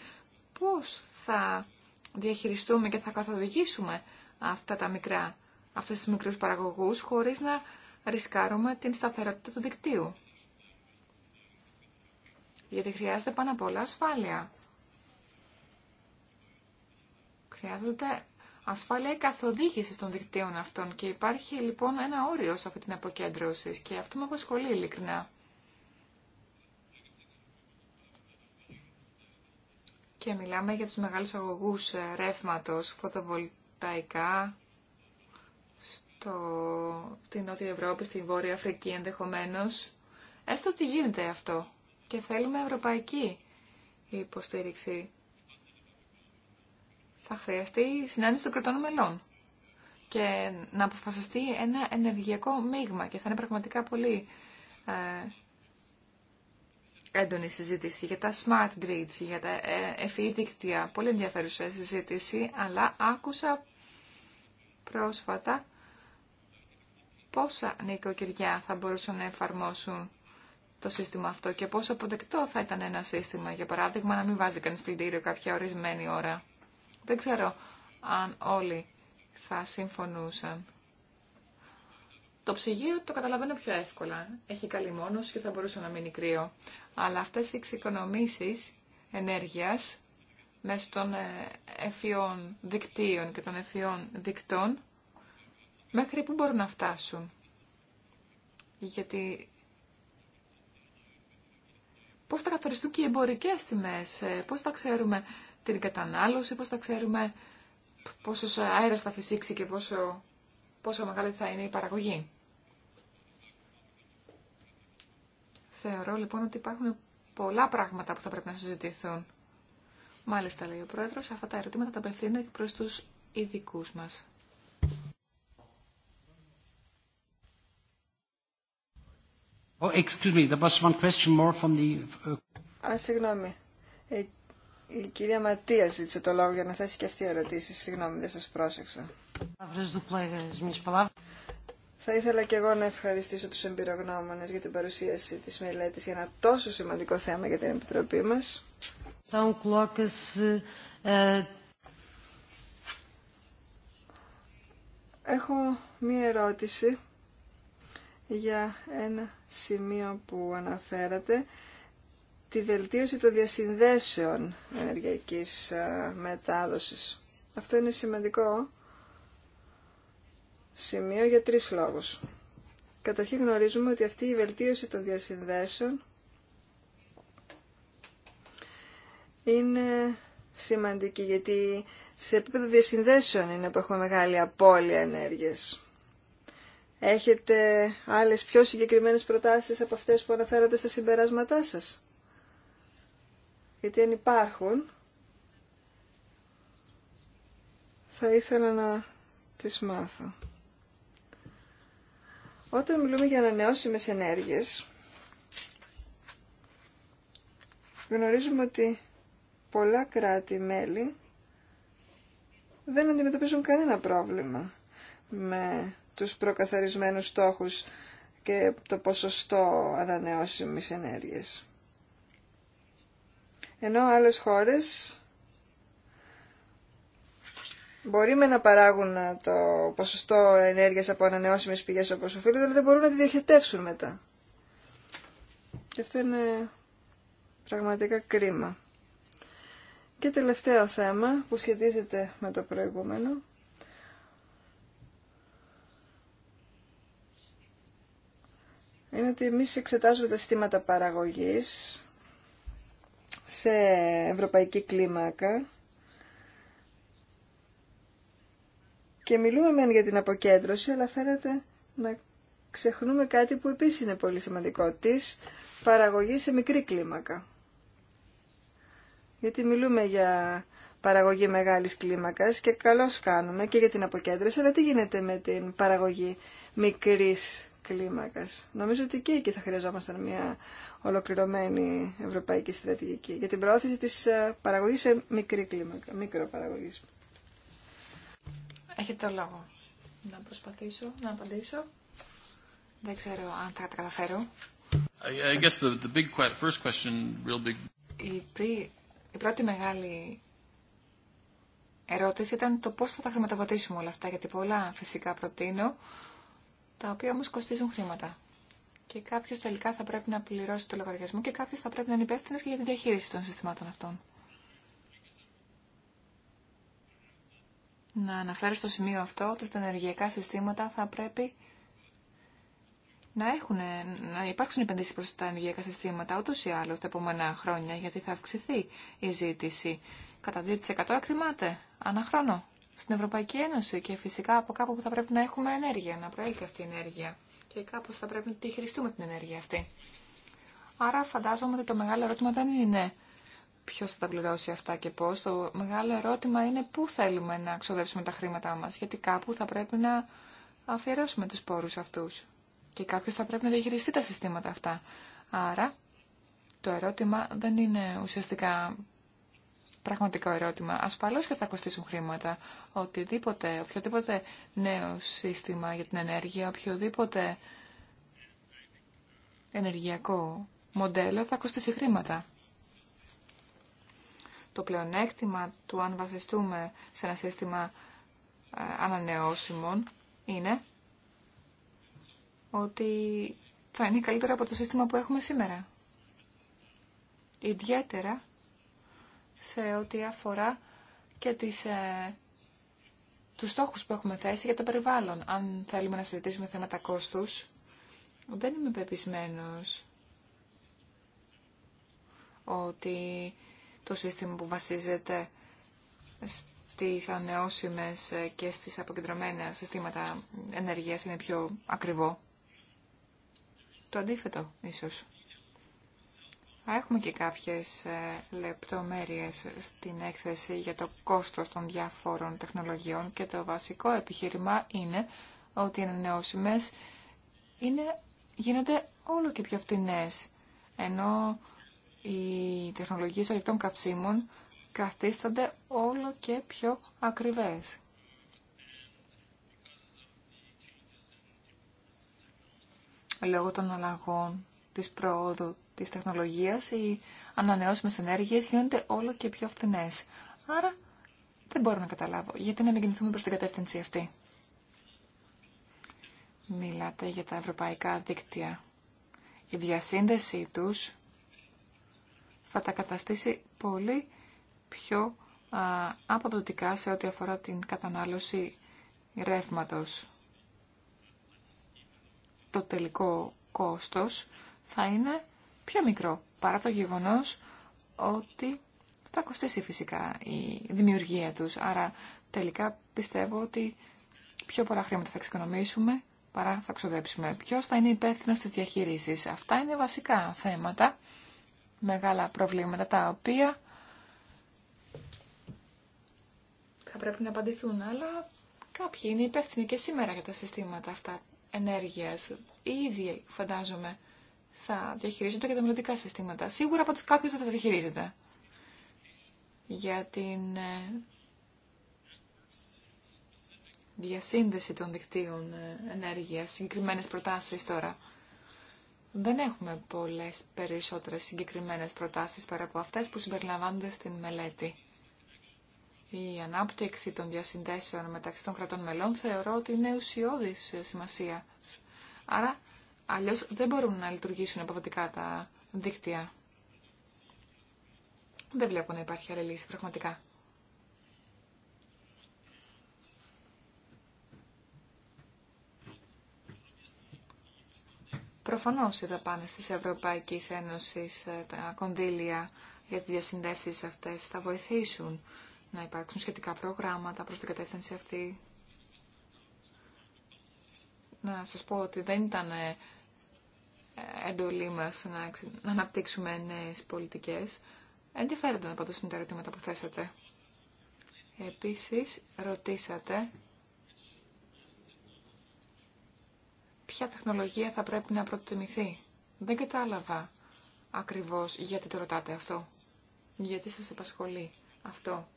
Speaker 2: Πώς θα διαχειριστούμε και θα καθοδηγήσουμε αυτά τα μικρά, αυτές τις μικρούς παραγωγούς χωρίς να ρισκάρουμε την σταθερότητα του δικτύου. Γιατί χρειάζεται πάνω απ' όλα ασφάλεια. Χρειάζονται ασφάλεια καθοδήγηση των δικτύων αυτών και υπάρχει λοιπόν ένα όριο σε αυτή την αποκέντρωση και αυτό με απασχολεί ειλικρινά. Και μιλάμε για τους μεγάλους αγωγούς ε, ρεύματος, φωτοβολταϊκά, στο, στη Νότια Ευρώπη, στη Βόρεια Αφρική ενδεχομένως. Έστω ότι γίνεται αυτό και θέλουμε ευρωπαϊκή υποστήριξη θα χρειαστεί συνάντηση των κρατών μελών και να αποφασιστεί ένα ενεργειακό μείγμα και θα είναι πραγματικά πολύ ε, έντονη συζήτηση για τα smart grids, για τα FEE ε, δίκτυα, πολύ ενδιαφέρουσα συζήτηση, αλλά άκουσα πρόσφατα πόσα νοικοκυριά θα μπορούσαν να εφαρμόσουν το σύστημα αυτό και πόσο αποδεκτό θα ήταν ένα σύστημα. Για παράδειγμα, να μην βάζει κανείς πλυντήριο κάποια ορισμένη ώρα. Δεν ξέρω αν όλοι θα συμφωνούσαν. Το ψυγείο το καταλαβαίνω πιο εύκολα. Έχει καλή μόνος και θα μπορούσε να μείνει κρύο. Αλλά αυτές οι εξοικονομήσεις ενέργειας μέσω των ε, εφιών δικτύων και των εφιών δικτών, μέχρι που μπορούν να φτάσουν. Γιατί πώς θα καθοριστούν και οι εμπορικές τιμές, ε, πώς θα ξέρουμε την κατανάλωση, πώς θα ξέρουμε πόσο αέρα θα φυσήξει και πόσο, πόσο μεγάλη θα είναι η παραγωγή. Θεωρώ λοιπόν ότι υπάρχουν πολλά πράγματα που θα πρέπει να συζητηθούν. Μάλιστα, λέει ο Πρόεδρος, αυτά τα ερωτήματα τα απευθύνω και προς τους ειδικού μας.
Speaker 1: Oh, συγγνώμη. Η κυρία Ματία ζήτησε το λόγο για να θέσει και αυτή η ερωτήση. Συγγνώμη, δεν σα πρόσεξα. Θα ήθελα και εγώ να ευχαριστήσω τους εμπειρογνώμονε για την παρουσίαση της μελέτης για ένα τόσο σημαντικό θέμα για την Επιτροπή μας. Έχω μία ερώτηση για ένα σημείο που αναφέρατε τη βελτίωση των διασυνδέσεων ενεργειακής μετάδοσης. Αυτό είναι σημαντικό σημείο για τρεις λόγους. Καταρχήν γνωρίζουμε ότι αυτή η βελτίωση των διασυνδέσεων είναι σημαντική γιατί σε επίπεδο διασυνδέσεων είναι που έχουμε μεγάλη απώλεια ενέργειας. Έχετε άλλες πιο συγκεκριμένες προτάσεις από αυτές που αναφέρονται στα συμπεράσματά σας γιατί αν υπάρχουν θα ήθελα να τις μάθω. Όταν μιλούμε για ανανεώσιμες ενέργειες, γνωρίζουμε ότι πολλά κράτη-μέλη δεν αντιμετωπίζουν κανένα πρόβλημα με τους προκαθαρισμένους στόχους και το ποσοστό ανανεώσιμης ενέργειας ενώ άλλες χώρες μπορεί με να παράγουν το ποσοστό ενέργειας από ανανεώσιμες πηγές όπως οφείλονται, αλλά δεν μπορούν να τη διοχετεύσουν μετά. Και αυτό είναι πραγματικά κρίμα. Και τελευταίο θέμα που σχετίζεται με το προηγούμενο. Είναι ότι εμείς εξετάζουμε τα συστήματα παραγωγής σε ευρωπαϊκή κλίμακα και μιλούμε μεν για την αποκέντρωση, αλλά φαίνεται να ξεχνούμε κάτι που επίσης είναι πολύ σημαντικό, της παραγωγή σε μικρή κλίμακα. Γιατί μιλούμε για παραγωγή μεγάλης κλίμακας και καλώς κάνουμε και για την αποκέντρωση, αλλά τι γίνεται με την παραγωγή μικρής κλίμακας. Νομίζω ότι και εκεί θα χρειαζόμασταν μια ολοκληρωμένη ευρωπαϊκή στρατηγική για την προώθηση της ε, παραγωγής σε μικρή κλίμακα, μικροπαραγωγής.
Speaker 2: Έχετε το λόγο. Να προσπαθήσω να απαντήσω. Δεν ξέρω αν θα τα καταφέρω.
Speaker 1: I, guess the, first question, real big...
Speaker 2: Η, η πρώτη μεγάλη ερώτηση ήταν το πώς θα τα χρηματοδοτήσουμε όλα αυτά, γιατί πολλά φυσικά προτείνω τα οποία όμως κοστίζουν χρήματα. Και κάποιος τελικά θα πρέπει να πληρώσει το λογαριασμό και κάποιος θα πρέπει να είναι υπεύθυνο και για την διαχείριση των συστημάτων αυτών. Να αναφέρω στο σημείο αυτό ότι τα ενεργειακά συστήματα θα πρέπει να, έχουν, να υπάρξουν επενδύσει προ τα ενεργειακά συστήματα ούτως ή άλλως τα επόμενα χρόνια, γιατί θα αυξηθεί η ζήτηση. Κατά 2% εκτιμάται ανά χρόνο στην Ευρωπαϊκή Ένωση και φυσικά από κάπου που θα πρέπει να έχουμε ενέργεια, να προέλθει αυτή η ενέργεια και κάπως θα πρέπει να τη χειριστούμε την ενέργεια αυτή. Άρα φαντάζομαι ότι το μεγάλο ερώτημα δεν είναι ποιος θα τα πληρώσει αυτά και πώς. Το μεγάλο ερώτημα είναι πού θέλουμε να ξοδεύσουμε τα χρήματά μας, γιατί κάπου θα πρέπει να αφιερώσουμε τους πόρους αυτούς και κάποιος θα πρέπει να διαχειριστεί τα συστήματα αυτά. Άρα το ερώτημα δεν είναι ουσιαστικά πραγματικό ερώτημα. Ασφαλώς και θα κοστίσουν χρήματα. Οτιδήποτε, οποιοδήποτε νέο σύστημα για την ενέργεια, οποιοδήποτε ενεργειακό μοντέλο θα κοστίσει χρήματα. Το πλεονέκτημα του αν βασιστούμε σε ένα σύστημα ε, ανανεώσιμων είναι ότι θα είναι καλύτερο από το σύστημα που έχουμε σήμερα. Ιδιαίτερα σε ό,τι αφορά και τις, ε, τους στόχους που έχουμε θέσει για το περιβάλλον. Αν θέλουμε να συζητήσουμε θέματα κόστους, δεν είμαι πεπισμένος ότι το σύστημα που βασίζεται στις ανεώσιμες και στις αποκεντρωμένα συστήματα ενέργειας είναι πιο ακριβό. Το αντίθετο, ίσως. Έχουμε και κάποιες ε, λεπτομέρειες στην έκθεση για το κόστος των διαφόρων τεχνολογιών και το βασικό επιχείρημα είναι ότι οι ανανεώσιμες είναι, γίνονται όλο και πιο φτηνές, ενώ οι τεχνολογίες ορεικτών καυσίμων καθίστανται όλο και πιο ακριβές. Λόγω των αλλαγών της προόδου της τεχνολογίας, οι ανανεώσιμες ενέργειες γίνονται όλο και πιο φθηνές. Άρα δεν μπορώ να καταλάβω γιατί να μην κινηθούμε προς την κατεύθυνση αυτή. Μιλάτε για τα ευρωπαϊκά δίκτυα. Η διασύνδεσή τους θα τα καταστήσει πολύ πιο αποδοτικά σε ό,τι αφορά την κατανάλωση ρεύματος. Το τελικό κόστος θα είναι πιο μικρό, παρά το γεγονός ότι θα κοστίσει φυσικά η δημιουργία τους. Άρα τελικά πιστεύω ότι πιο πολλά χρήματα θα εξοικονομήσουμε παρά θα ξοδέψουμε. Ποιο θα είναι υπεύθυνο της διαχείρισης. Αυτά είναι βασικά θέματα, μεγάλα προβλήματα τα οποία θα πρέπει να απαντηθούν, αλλά κάποιοι είναι υπεύθυνοι και σήμερα για τα συστήματα αυτά ενέργεια. Ήδη φαντάζομαι θα διαχειρίζονται και τα μελλοντικά συστήματα. Σίγουρα από κάποιους θα τα διαχειρίζεται. Για την ε, διασύνδεση των δικτύων ε, ενέργειας, συγκεκριμένες προτάσεις τώρα. Δεν έχουμε πολλές περισσότερες συγκεκριμένες προτάσεις παρά από αυτές που συμπεριλαμβάνονται στην μελέτη. Η ανάπτυξη των διασυνδέσεων μεταξύ των κρατών μελών θεωρώ ότι είναι ουσιώδης σημασία. Άρα Αλλιώς δεν μπορούν να λειτουργήσουν αποδοτικά τα δίκτυα. Δεν βλέπω να υπάρχει άλλη λύση πραγματικά. Προφανώς οι δαπάνες της Ευρωπαϊκής Ένωσης, ε, τα κονδύλια για τις διασυνδέσεις αυτές θα βοηθήσουν να υπάρξουν σχετικά προγράμματα προς την κατεύθυνση αυτή να σας πω ότι δεν ήταν ε, εντολή μας να αναπτύξουμε νέες πολιτικές. Ενδιαφέροντα να απαντήσουν τα ερωτήματα που θέσατε. Επίσης, ρωτήσατε ποια τεχνολογία θα πρέπει να προτιμηθεί. Δεν κατάλαβα ακριβώς γιατί το ρωτάτε αυτό. Γιατί σας απασχολεί αυτό.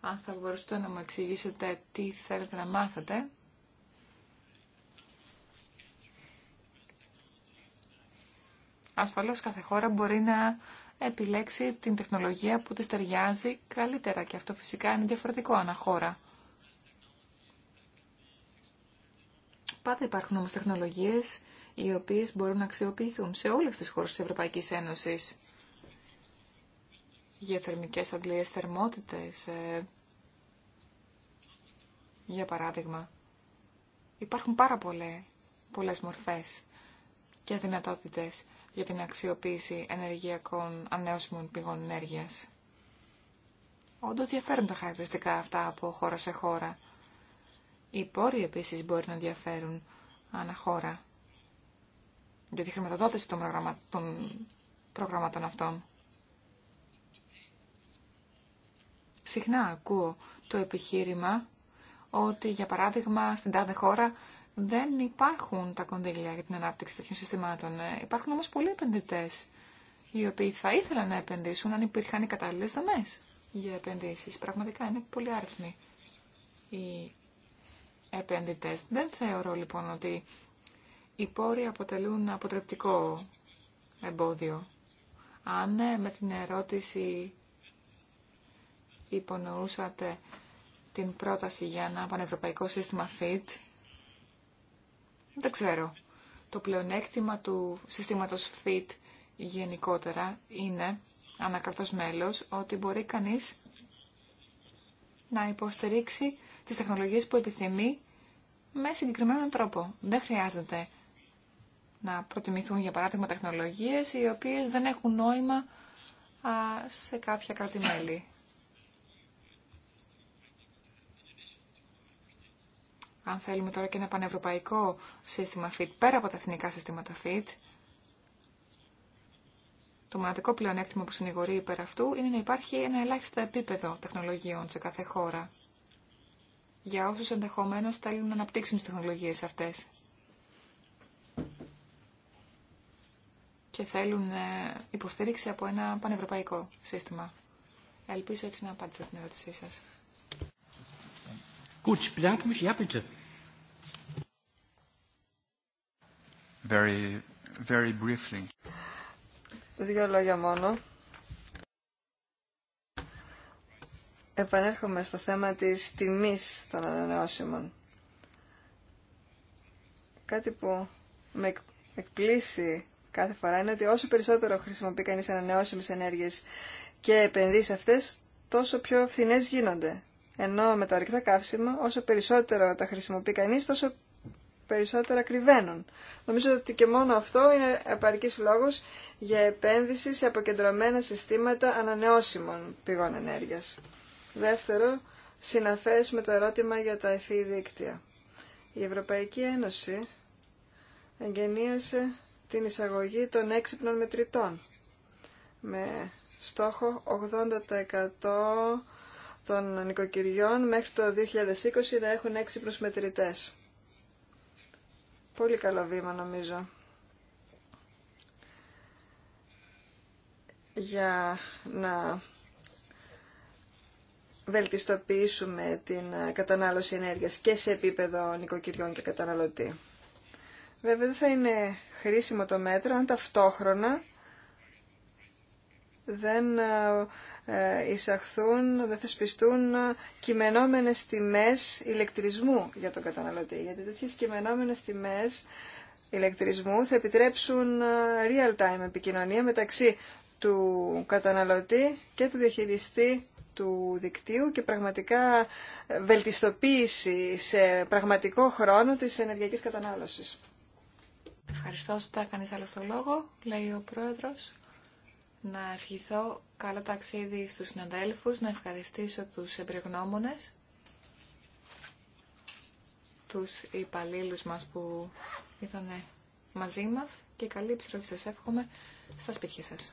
Speaker 2: Αν θα μπορούσατε να μου εξηγήσετε τι θέλετε να μάθετε, Ασφαλώς κάθε χώρα μπορεί να επιλέξει την τεχνολογία που της ταιριάζει καλύτερα και αυτό φυσικά είναι διαφορετικό ανά χώρα. Πάντα υπάρχουν όμως τεχνολογίες οι οποίες μπορούν να αξιοποιηθούν σε όλες τις χώρες της Ευρωπαϊκής Ένωσης για θερμικές αντλίες θερμότητες, ε, για παράδειγμα. Υπάρχουν πάρα πολλές, πολλές μορφές και δυνατότητες για την αξιοποίηση ενεργειακών ανέωσιμων πηγών ενέργειας. Όντω διαφέρουν τα χαρακτηριστικά αυτά από χώρα σε χώρα. Οι πόροι επίση μπορεί να διαφέρουν ανά χώρα για τη χρηματοδότηση των, των προγραμμάτων αυτών. Συχνά ακούω το επιχείρημα ότι, για παράδειγμα, στην τάδε χώρα δεν υπάρχουν τα κονδύλια για την ανάπτυξη τέτοιων συστημάτων. Ε, υπάρχουν όμως πολλοί επενδυτές οι οποίοι θα ήθελαν να επενδύσουν αν υπήρχαν οι κατάλληλε δομέ για επενδύσεις. Πραγματικά είναι πολύ άριθμοι οι επενδυτές. Δεν θεωρώ λοιπόν ότι οι πόροι αποτελούν αποτρεπτικό εμπόδιο. Αν ε, με την ερώτηση υπονοούσατε την πρόταση για ένα πανευρωπαϊκό σύστημα FIT, δεν ξέρω. Το πλεονέκτημα του συστήματος FIT γενικότερα είναι, ανακρατός μέλος, ότι μπορεί κανείς να υποστηρίξει τις τεχνολογίες που επιθυμεί με συγκεκριμένο τρόπο. Δεν χρειάζεται να προτιμηθούν, για παράδειγμα, τεχνολογίες οι οποίες δεν έχουν νόημα σε κάποια κράτη-μέλη. αν θέλουμε τώρα και ένα πανευρωπαϊκό σύστημα FIT πέρα από τα εθνικά συστήματα FIT, το μοναδικό πλεονέκτημα που συνηγορεί υπέρ αυτού είναι να υπάρχει ένα ελάχιστο επίπεδο τεχνολογιών σε κάθε χώρα για όσους ενδεχομένως θέλουν να αναπτύξουν τις τεχνολογίες αυτές και θέλουν ε, υποστήριξη από ένα πανευρωπαϊκό σύστημα. Ελπίζω έτσι να απάντησα την ερώτησή σας. Gut, ich mich. Ja, bitte.
Speaker 1: Very, very briefly. Δύο λόγια μόνο. Επανέρχομαι στο θέμα της τιμής των ανανεώσιμων. Κάτι που με εκπλήσει κάθε φορά είναι ότι όσο περισσότερο χρησιμοποιεί κανείς ανανεώσιμες ενέργειες και επενδύσει αυτές, τόσο πιο φθηνές γίνονται. Ενώ με τα ρηκτά καύσιμα, όσο περισσότερο τα χρησιμοποιεί κανείς, τόσο περισσότερα κρυβαίνουν. Νομίζω ότι και μόνο αυτό είναι επαρκής λόγος για επένδυση σε αποκεντρωμένα συστήματα ανανεώσιμων πηγών ενέργειας. Δεύτερο, συναφές με το ερώτημα για τα εφή δίκτυα. Η Ευρωπαϊκή Ένωση εγγενίασε την εισαγωγή των έξυπνων μετρητών με στόχο 80% των νοικοκυριών μέχρι το 2020 να έχουν έξι προσμετρητές. Πολύ καλό βήμα νομίζω. Για να βελτιστοποιήσουμε την κατανάλωση ενέργειας και σε επίπεδο νοικοκυριών και καταναλωτή. Βέβαια δεν θα είναι χρήσιμο το μέτρο αν ταυτόχρονα δεν ε, ε, εισαχθούν, δεν θεσπιστούν κειμενόμενες τιμές ηλεκτρισμού για τον καταναλωτή. Γιατί τέτοιες κειμενόμενες τιμές ηλεκτρισμού θα επιτρέψουν ε, real-time επικοινωνία μεταξύ του καταναλωτή και του διαχειριστή του δικτύου και πραγματικά βελτιστοποίηση σε πραγματικό χρόνο της ενεργειακής κατανάλωσης.
Speaker 2: Ευχαριστώ. Στα κανείς άλλο το λόγο, λέει ο Πρόεδρος να ευχηθώ καλό ταξίδι στους συναδέλφους, να ευχαριστήσω τους εμπρεγνώμονες, τους υπαλλήλους μας που ήταν μαζί μας και καλή επιστροφή σας εύχομαι στα σπίτια σας.